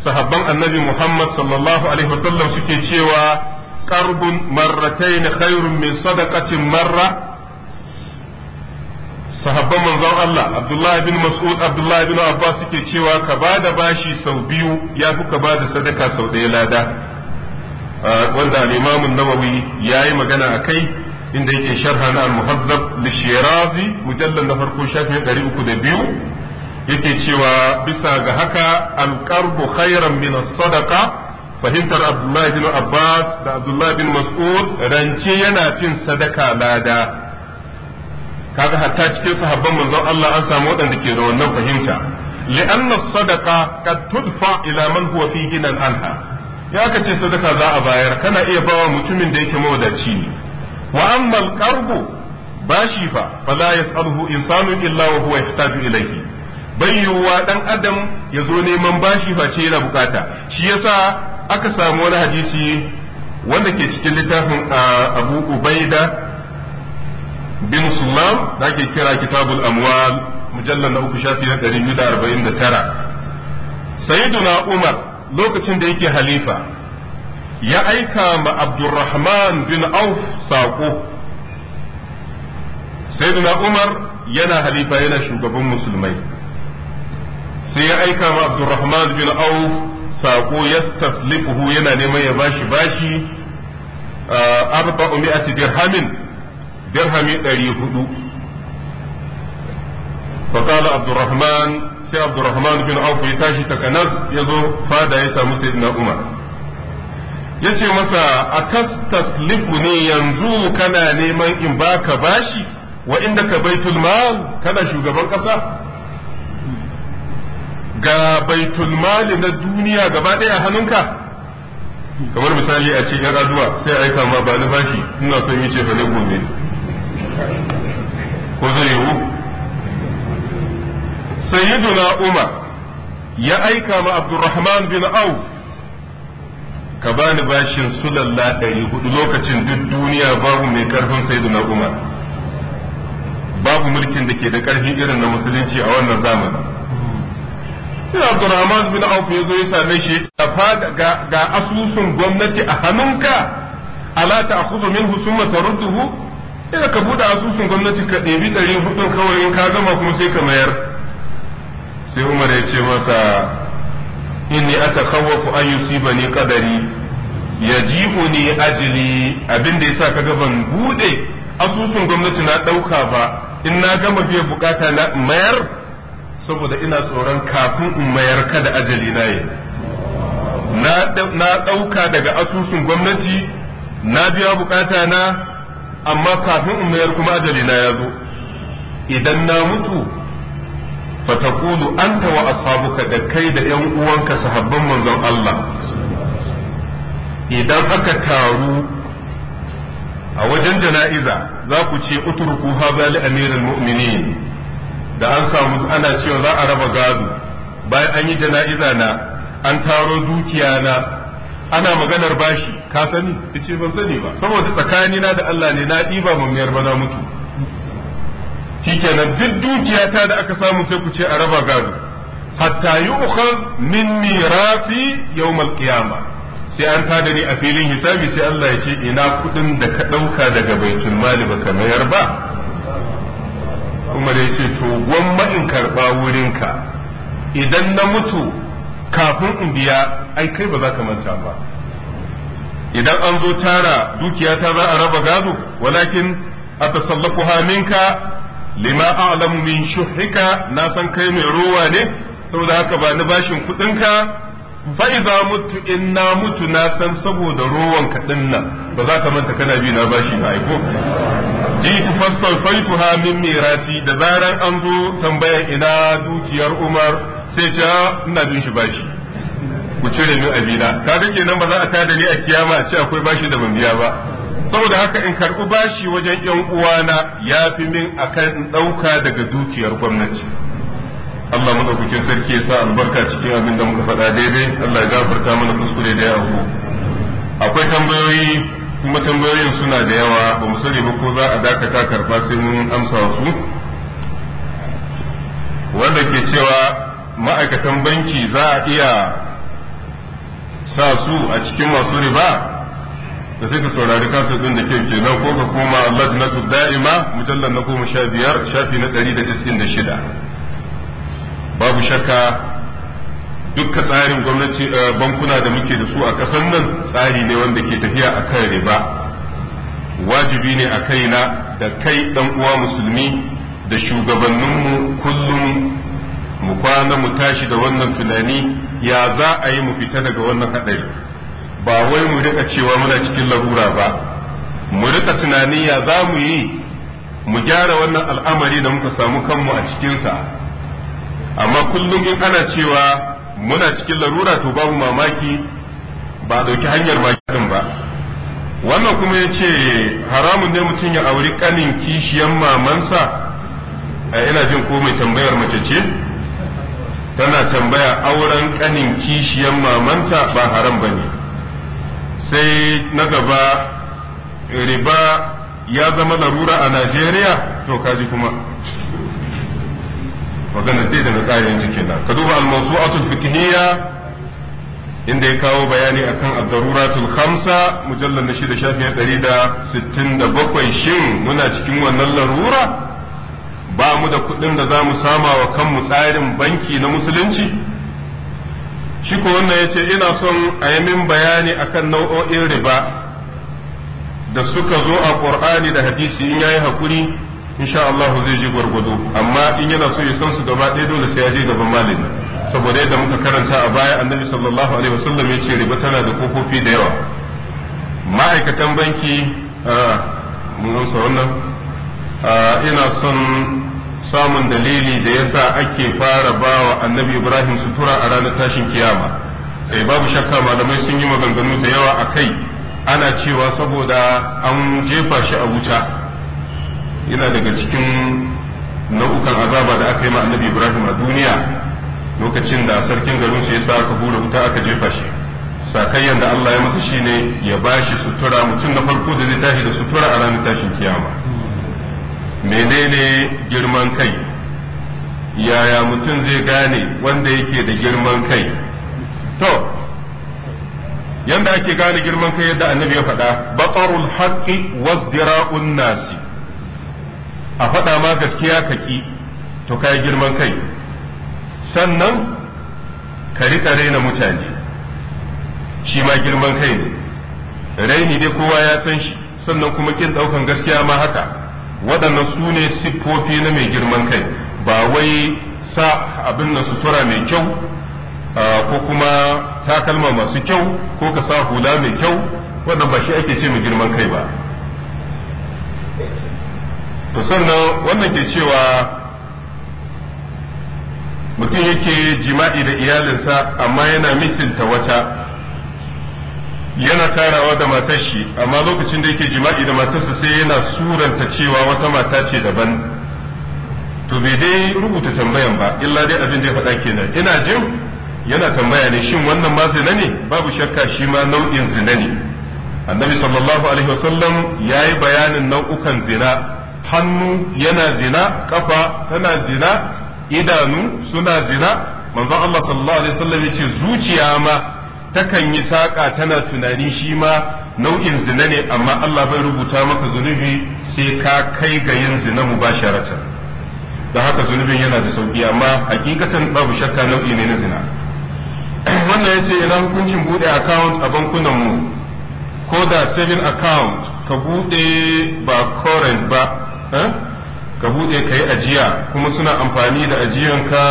sahabban annabi muhammad sallallahu alaihi wasallam suke cewa qarbun marratain khairun min sadaqatin marra sahabban manzon Allah Abdullahi bin Mas'ud Abdullahi bin Abbas suke cewa ka ba da bashi sau biyu ya fi ka ba da sadaka sau ɗaya lada ah, wanda al-Imam an-Nawawi yayi magana akai inda yake sharha na al mujallar li shirazi mujallal na farko shafin 302 yake cewa bisa ga haka al-qarbu khairan min as-sadaqa fahimtar abdullahi bin abbas da abdullahi bin mas'ud rance yana cin sadaka lada kaga hatta cikin sahabban manzon Allah an samu waɗanda ke da wannan fahimta li'anna as-sadaqa qad tudfa ila man huwa fi ginan ya kace sadaka za a bayar kana iya bawa mutumin da yake mawadaci wa amma al-qardu bashi fa fala yas'aluhu insanu illa wa huwa yahtaju ilayhi bai wa dan adam ya zo neman bashi fa ce yana bukata shi yasa aka samu wani hadisi wanda ke cikin littafin Abu Ubaida bin Sulam da ake kira Kitabul Amwal mujallal na uku shafi na 249 Sayyiduna Umar lokacin da yake halifa ya aika ma abdurrahman bin auf saƙo sayyidina umar yana halifa yana shugaban musulmai sai ya aika ma abdurrahman bin auf saƙo ya taslifuhu yana neman ya bashi bashi arba'u mi'ati dirhamin dirhami ɗari hudu فقال sai الرحمن bin auf ya tashi takanas ya zo fada ya samu سيدنا Umar. ya ce masa a tastasliku ne yanzu kana neman in baka bashi wa inda ka baitul mal kana shugaban kasa ga baitul mal na duniya gaba ɗaya a hannunka kamar misali a cikin azuwa sai aika ma ba ni bashi ina son yi ce fa ne gobe ko zai yiwu sayyiduna umar ya aika ma abdurrahman bin auf ka bani bashin sulalla ɗari hudu lokacin duk duniya babu mai karfin da umar babu mulkin da ke da karfi irin na musulunci a wannan zamani sai abdurrahman bin auf ya zo ya same shi ga asusun gwamnati a hannunka ala ta akhudhu minhu thumma tarudduhu idan ka bude asusun gwamnati ka ɗebi ɗari hudu kawai in ka gama kuma sai ka mayar sai umar ya ce masa inni atakhawafu an yusibani qadari yaji'uni ajli abinda yasa kaga ban bude asusun gwamnati na dauka ba in na gama biya bukata na mayar saboda ina tsoron kafin in mayar kada ajali na yi na dauka daga asusun gwamnati na biya bukata na amma kafin in mayar kuma ajali na ya zo idan na mutu fatakulu anta wa ashabuka da kai da yan uwanka sahabban manzon Allah idan aka taru a wajen jana'iza za ku ce uturku haza li amirul mu'minin da an samu ana cewa za a raba gado bayan an yi jana'iza na an taro dukiya na ana maganar bashi ka sani ce ban sani ba saboda tsakanina da Allah ne na ɗiba mamiyar ba na mutu shikenan duk dukiyata da aka samu sai ku ce a raba gado hatta yu'khadh min mirasi yawmal qiyama sai an tada ni a filin hisabi sai Allah ya ce ina kudin da ka dauka daga baitul mali baka mayar ba kuma da yace to gwamma in karba wurinka idan na mutu kafin in biya ai kai ba za ka manta ba idan an zo tara dukiyata za a raba gado walakin atasallafuha minka lima a'lamu min shuhika na san kai mai ruwa ne saboda haka ba ni bashin kuɗinka fa idza mutu in na mutu na san saboda ruwan ka dinnan ba za ka manta kana bi na bashi ba aiko fasal faituha min mirasi da zaran an zo tambaya ina dukiyar Umar sai ta ah, ina bin shi bashi ku cire min abina kaga kenan ba za a tada ni a kiyama a ce akwai bashi da ban biya ba saboda haka in karɓi bashi wajen ‘yan uwana ya fi min akan in ɗauka daga dukiyar gwamnati. Allah madaukakin sarki ya sa albarka cikin abin da muka faɗa daidai Allah ya gafarta mana kuskure da ko. akwai tambayoyi kuma tambayoyin suna da yawa ba mu sani ba ko za a dakata karɓa sai mun amsa su wanda ke cewa ma'aikatan banki za a iya sa su a cikin masu riba da sai ka saurari kasa din da kyau kenan ko ka koma lajnatu da'ima mujallar na goma sha biyar shafi na ɗari da tisin da shida babu shaka dukka tsarin gwamnati eh, bankuna da muke da su a ƙasar nan tsari ne wanda ke tafiya a kan riba wajibi ne a kai na da kai ɗan uwa musulmi da shugabanninmu kullum mu kwana mu tashi da wannan tunani ya za a yi mu fita daga wannan haɗari ba wai mu rika cewa muna cikin larura ba mu rika tunani ya za mu yi mu gyara wannan al'amari da muka samu kanmu a cikinsa amma kullum in ana cewa muna cikin larura to babu mamaki ba a ɗauki hanyar makin ba wannan kuma ya ce haramun ne mutum ya auri kanin kishiyan mamansa a ina jin ko mai tambayar mace ce tana tambaya auren kanin kishiyan mamanta ba haram ba ne sai na gaba riba ya zama larura a najeriya to kaji kuma magana dai daga tsarin jikin nan ka duba al-mawsu'atul inda ya kawo bayani akan ad-daruratul khamsa mujallal na shida shafin ɗari da sittin da bakwai shin muna cikin wannan larura ba mu da kuɗin da za mu sama wa kanmu tsarin banki na musulunci shi ko wannan yace ina son a yi min bayani akan nau'o'in riba da suka zo a qur'ani da hadisi in yayi hakuri insha Allah zai ji gwargwado amma in yana so ya san su gaba ɗaya dole sai ya je gaban malami saboda yadda muka karanta a baya annabi sallallahu alaihi wasallam yace riba tana da kofofi da yawa ma'aikatan banki a ah, mun wannan ah, ina son samun dalili da yasa ake fara bawa annabi ibrahim sutura a ranar tashin kiyama sai eh, babu shakka malamai sun yi maganganu da yawa a kai ana cewa saboda an jefa shi a wuta yana daga cikin nau'ukan azaba da aka yi ma annabi ibrahim a duniya lokacin da sarkin garin ya yasa aka bude wuta aka jefa shi sakayyan da allah ya masa shine ya bashi sutura mutum na farko da zai tashi da sutura a ranar tashin kiyama menene girman kai yaya mutum zai gane wanda yake da girman kai to yanda ake gane girman kai yadda annabi ya faɗa batarul haqqi wazdira'un nasi a faɗa ma gaskiya kaki to kai girman kai sannan ka rika raina mutane shi ma girman kai ne raini dai kowa ya san shi sannan kuma kin ɗaukan gaskiya ma haka waɗannan su ne siffofi na mai girman kai ba wai sa abin na sutura mai kyau ko kuma takalma masu kyau ko ka sa hula mai kyau waɗanda ba shi ake ce mai girman kai ba to sannan wannan ke cewa mutum yake jima'i da iyalinsa amma yana misinta wata yana tarawa da matar shi amma lokacin da yake jima'i da matarsa sai yana suranta cewa wata mata ce daban to bai dai rubuta tambayan ba illa dai abin da ya faɗa kenan ina jin yana tambaya ne shin wannan ma zina ne babu shakka shi ma nau'in zina ne annabi sallallahu alaihi wasallam yayi bayanin nau'ukan zina hannu yana zina kafa tana zina idanu suna zina manzon Allah sallallahu alaihi wasallam yace zuciya ma takan yi saƙa tana tunani shi ma nau'in zina ne amma Allah bai rubuta maka zunubi sai ka kai ga yin zina mu sharata da haka zunubin yana da sauki amma hakikatan babu shakka nau'i ne na zina wannan yace ina hukuncin bude account a bankunan mu ko da saving account ka bude ba current ba eh? ka bude kai ajiya kuma suna amfani da ajiyanka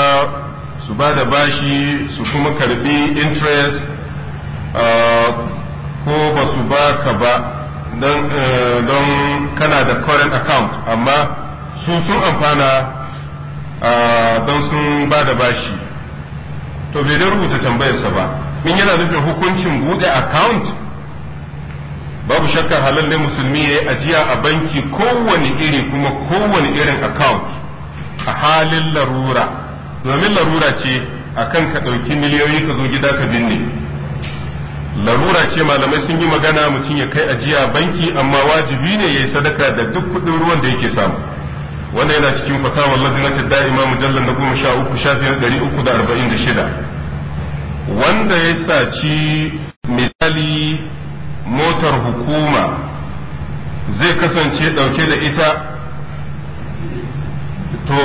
su ba da bashi su kuma karbi interest ko ba su ba ka ba don kana da current account amma su sun amfana don sun ba da bashi to bai dai rubuta tambayarsa ba in yana nufin hukuncin buɗe account babu shakka halal ne musulmi ya yi ajiya a banki kowane iri kuma kowane irin account a halin larura domin larura ce akan ka ɗauki miliyoyi ka zo gida ka binne larura ce malamai sun yi magana mutum ya kai ajiya banki amma wajibi ne ya yi sadaka da duk kudin ruwan da yake samu wanda yana cikin fatawar lajinata da'ima mujallar na goma sha uku shafiyar ɗari uku da arba'in da shida wanda ya saci misali motar hukuma zai kasance ɗauke da ita to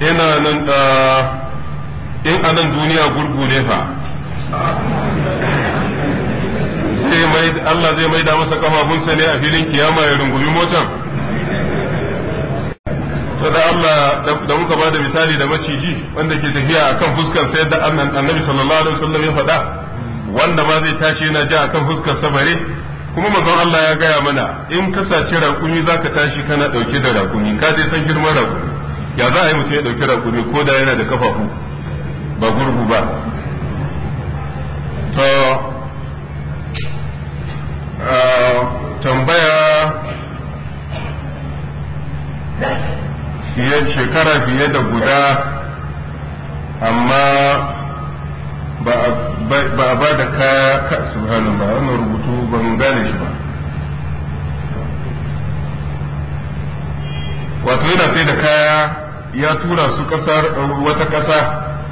ina nan ah, in anan duniya gurgu fa zai mai Allah zai maida masa kafafunsa ne a filin kiyama ya rungumi motan da Allah da muka ba da misali da maciji wanda ke tafiya a kan fuskar sai da annabi sallallahu alaihi wasallam ya faɗa wanda ma zai tashi yana ji akan fuskar sa bare kuma mazan Allah ya gaya mana in ka sace raƙumi ka tashi kana ɗauke da raƙumi ka dai san girman raƙumi ya za a yi mutum ya dauki raƙumi ko da yana da kafafu ba gurgu ba Ah, tambaya fiye shekara fiye da guda amma ba a ba da kaya ka subhanu ba wannan rubutu ba mun gane shi ba wato yana sai da kaya ya tura su kasar wata kasa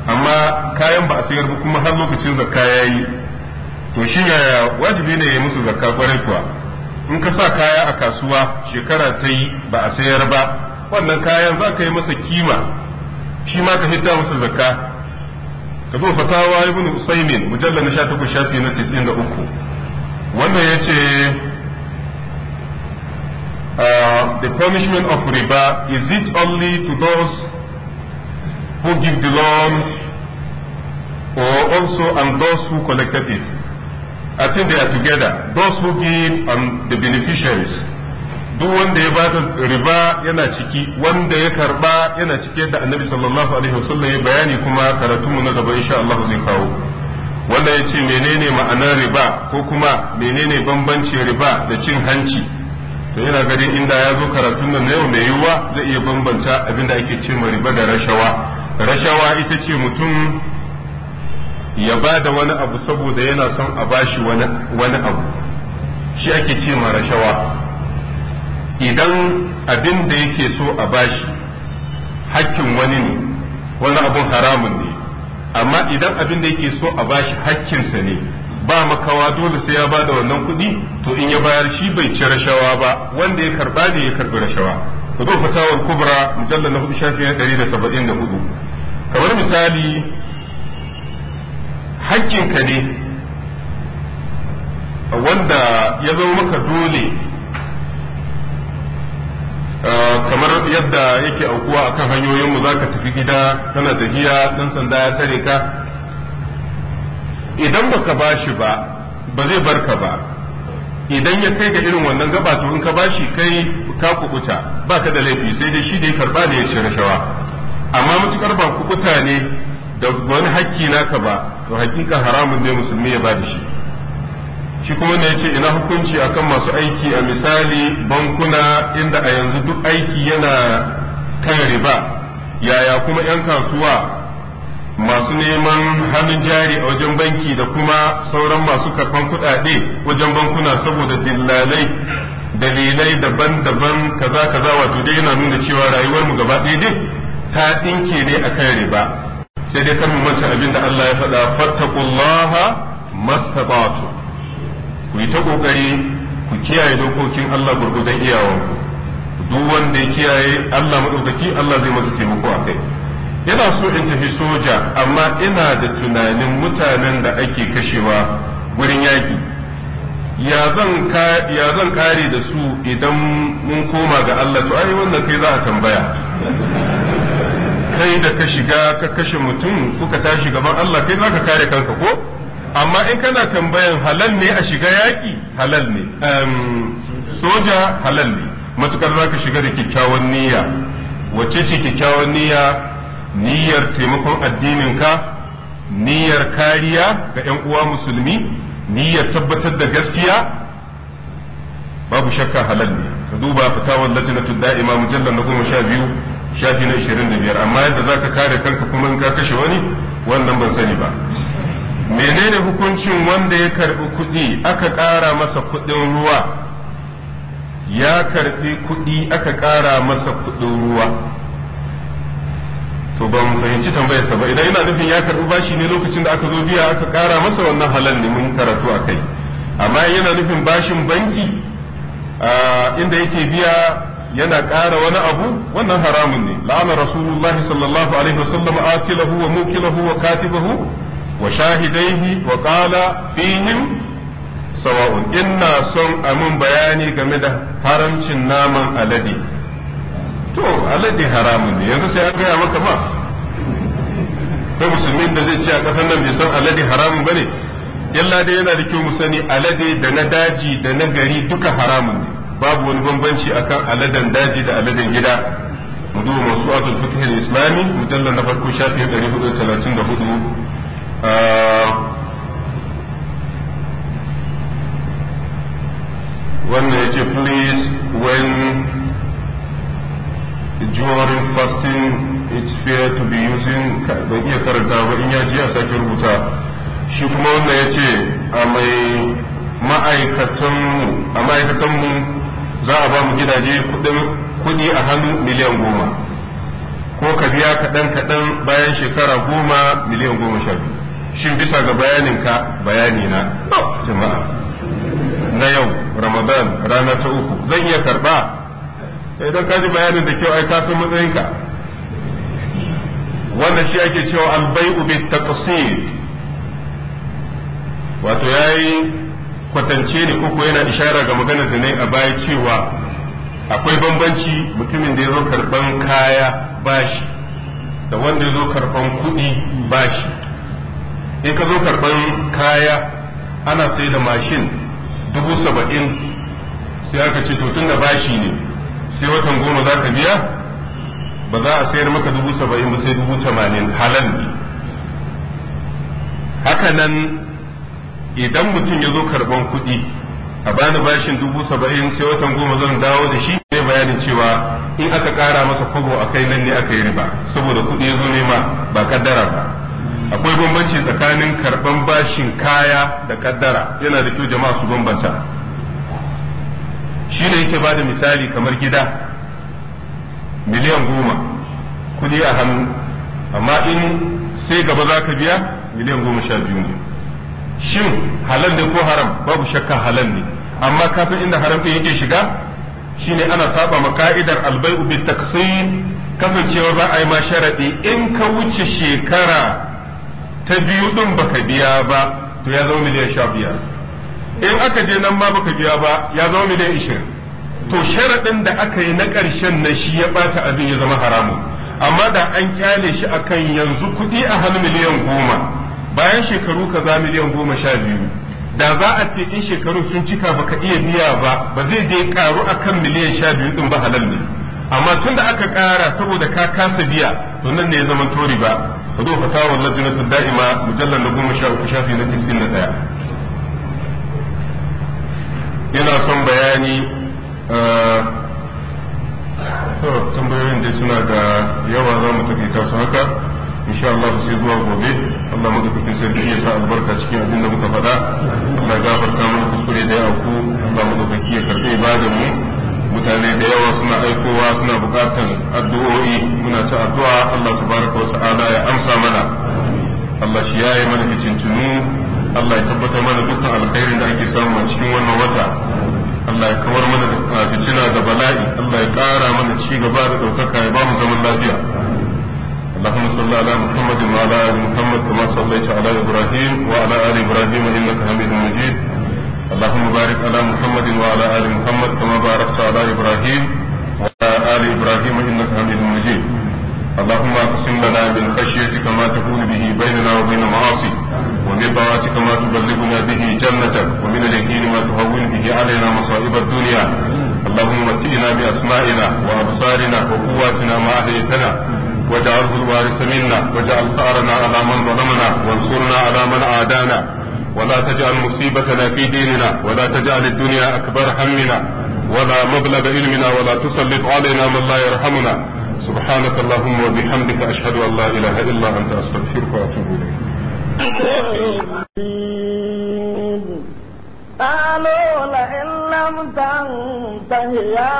amma kayan ba a sayar ba kuma har lokacin da ya yi to shi yaya wajibi ne ya musu zakka kwarai kuwa in ka sa kaya a kasuwa shekara ta yi ba a sayar ba wannan kayan za ka yi masa kima shi ma ka hita musu zakka ka zo fatawa ibn usaimin mujallar na 18 shafi na 93 wanda ya ce ah, the punishment of riba is it only to those who give the loan or also and those who collected it I think they are together. Those who give and um, the beneficiaries. Duk wanda ya bada riba yana ciki, wanda ya karba yana cike da annabi sallallahu alaihi wasallam ya bayani kuma karatunmu na gaba insha Allah zai kawo. Wanda ya ce menene ma'anar riba ko kuma menene bambanci riba da cin hanci. To yana gari inda ya zo karatun nan yau mai yiwuwa zai iya bambanta abin da ake ce riba da rashawa. Rashawa ita ce mutum ya ba da wani abu saboda yana son a bashi wani abu shi ake ce ma rashawa idan abin da yake so a bashi hakkin wani ne wani abun haramun ne amma idan abin da yake so a bashi hakkinsa ne ba makawa dole sai ya ba da wannan kuɗi to in ya bayar shi bai ci rashawa ba wanda ya karba ne ya karbi rashawa ku zo fatawar kubra mujallar na hudu shafi 174 ɗari da saba'in da hudu kamar misali ka ne wanda ya zo maka dole kamar yadda yake aukuwa akan hanyoyinmu za ka tafi gida tana tafiya ɗan sanda ya tare ka idan baka ba bashi ba ba zai bar ka ba idan ya kai ga irin wannan gaba to in ka bashi kai ka kukuta ba ka da laifi sai dai shi da ya karba ne ya ci rashawa amma matukar ba kukuta ne da wani hakki naka ba to hakika haramun ne musulmi ya bada shi shi kuma ne yace ina hukunci akan masu aiki a misali bankuna inda a yanzu duk aiki yana kan riba yaya kuma 'yan kasuwa masu neman hannun jari a wajen banki da kuma sauran masu karfan kuɗaɗe wajen bankuna saboda dillalai dalilai daban-daban kaza kaza wato dai yana nuna cewa rayuwarmu mu gaba ɗaya ta ɗinke ne a kan riba sai dai kar mu manta abin da Allah ya fada fattaqullaha mastata'tu ku yi ta kokari ku kiyaye dokokin Allah gurgudan iyawanku duk wanda ya kiyaye Allah madaukaki Allah zai masa taimako akai yana so in tafi soja amma ina da tunanin mutanen da ake kashewa wurin yaki ya zan ya zan kare da su idan mun koma ga Allah to ai wannan kai za a tambaya kai da ka shiga ka kashe mutum kuka tashi gaban Allah kai zaka kare kanka ko amma in kana tambayan halal ne a shiga yaki halal ne soja halal ne matukar zaka shiga da kyakkyawan niyya wace ce kyakkyawan niyya niyyar taimakon addinin ka niyyar kariya ga yan uwa musulmi niyyar tabbatar da gaskiya babu shakka halal ne ka duba fatawar lajnatul da'ima mujallal na goma sha biyu shafi na da biyar amma yadda za ka kare kanka kuma in ka kashe wani wannan ban sani ba menene hukuncin wanda ya karbi kuɗi aka ƙara masa kuɗin ruwa ya karbi kuɗi aka ƙara masa kuɗin ruwa to ba mu fahimci tambayarsa ba idan yana nufin ya karbi bashi ne lokacin da aka zo biya aka ƙara masa wannan halal ne mun karatu a kai amma yana nufin bashin banki inda yake biya yana ƙara wani abu wannan haramun ne la'ana rasulullahi sallallahu alaihi wasallam akilahu wa mukilahu wa katibahu wa shahidaihi wa qala fihim sawa'un inna son amin bayani game da haramcin naman alade to alade haramun ne yanzu sai an gaya maka ma da musulmin da zai ci a ƙasar nan bai san alade haramun bane illa dai yana da kyau mu sani alade da na daji da na gari duka haramun ne babu wani bambanci akan aladan daji da aladan gida mu duba masu'atul fiqh al-islami mujallal na farko shafi 434 ah, wannan yake please when during fasting it's fair to be using don iya karanta ba in ya ji a sake rubuta shi kuma wannan yace a mai ma'aikatan a ma'aikatan mu za a ba mu gidaje kuɗi a hannu miliyan goma ko ka biya kaɗan kaɗan bayan shekara goma miliyan goma sha biyu shin bisa ga bayaninka bayani na jama'a na yau ramadan rana ta uku zan iya karɓa idan eh, ka ji bayanin da kyau ai ka san matsayinka wannan shi ake cewa albai'u bi taqsid wato yayi kwatance ne koko yana ishara ga magana da ne a baya cewa akwai bambanci mutumin da ya zo karban kaya bashi da wanda ya zo karban kuɗi bashi in ka zo karban kaya ana sai da mashin dubu saba'in sai aka ce to tun da bashi ne sai watan goma za ka biya ba za a sayar maka dubu saba'in ba sai dubu tamanin halal ne haka nan idan mutum ya zo karban kuɗi a bani bashin dubu saba'in sai watan goma zan dawo da shi zai bayanin cewa in aka ƙara masa kwago a kai nan ne aka yi riba saboda kuɗi ya zo nema ba kaddara ba akwai bambanci tsakanin karban bashin kaya da kaddara yana da kyau jama'a su bambanta shi ne yake ba da misali kamar gida miliyan goma kuɗi a hannu amma in sai gaba za ka biya miliyan goma sha biyu ne shin halal ne ko haram babu shakka halal ne amma kafin inda haram din yake shiga shine ana saba ma ka'idar albai'u bit kafin kasancewa za a yi ma sharadi in ka wuce shekara ta biyu din baka biya ba to ya zama miliyan sha biyar in aka je nan ma baka biya ba ya zama miliyan ishirin to sharadin da aka yi na ƙarshen na shi ya bata abin ya zama haramu amma da an kyale shi akan yanzu kuɗi a hannu miliyan goma bayan shekaru kaza miliyan goma sha biyu da za a ce in shekaru sun cika ba ka iya biya ba ba zai je karu akan miliyan sha biyu din ba halal ne amma tun da aka kara saboda ka kasa biya to nan ne ya zama tori ba ka zo fatawa lajinatu da'ima mujallar da goma sha uku shafi na tisin na daya yana son bayani eh, tambayoyin dai suna da yawa za mu tafi su haka insha Allah sai zuwa gobe Allah mu duka sarki ya sa albarka cikin abin da muka faɗa Allah ya gafarta mana kuskure da ya ku Allah mu duka ya karɓe ibadan mu mutane da yawa suna aikowa suna buƙatar addu'o'i muna ta addu'a Allah tabaraka wa ta'ala ya amsa mana Allah shi yayi mana fitintunu Allah ya tabbatar mana dukkan alkhairin da ake samu a cikin wannan wata Allah ya kawar mana da fitina da bala'i Allah ya ƙara mana ci gaba da ɗaukaka ya ba mu zaman lafiya اللهم صل على محمد وعلى ال محمد كما صليت على ابراهيم وعلى ال ابراهيم انك حميد مجيد اللهم بارك على محمد وعلى ال محمد كما باركت على ابراهيم وعلى ال ابراهيم انك حميد مجيد اللهم اقسم لنا من خشيتك ما تكون به بيننا وبين معاصيك ومن طاعتك ما تبلغنا به جنتك ومن اليقين ما تهون به علينا مصائب الدنيا اللهم متئنا باسمائنا وابصارنا وقواتنا ما احييتنا واجعله الوارث منا واجعل ثارنا على من ظلمنا وانصرنا على من عادانا ولا تجعل مصيبتنا في ديننا ولا تجعل الدنيا اكبر همنا ولا مبلغ علمنا ولا تسلط علينا من لا يرحمنا سبحانك اللهم وبحمدك اشهد ان لا اله الا انت استغفرك واتوب اليك قالوا لئن لم تنته يا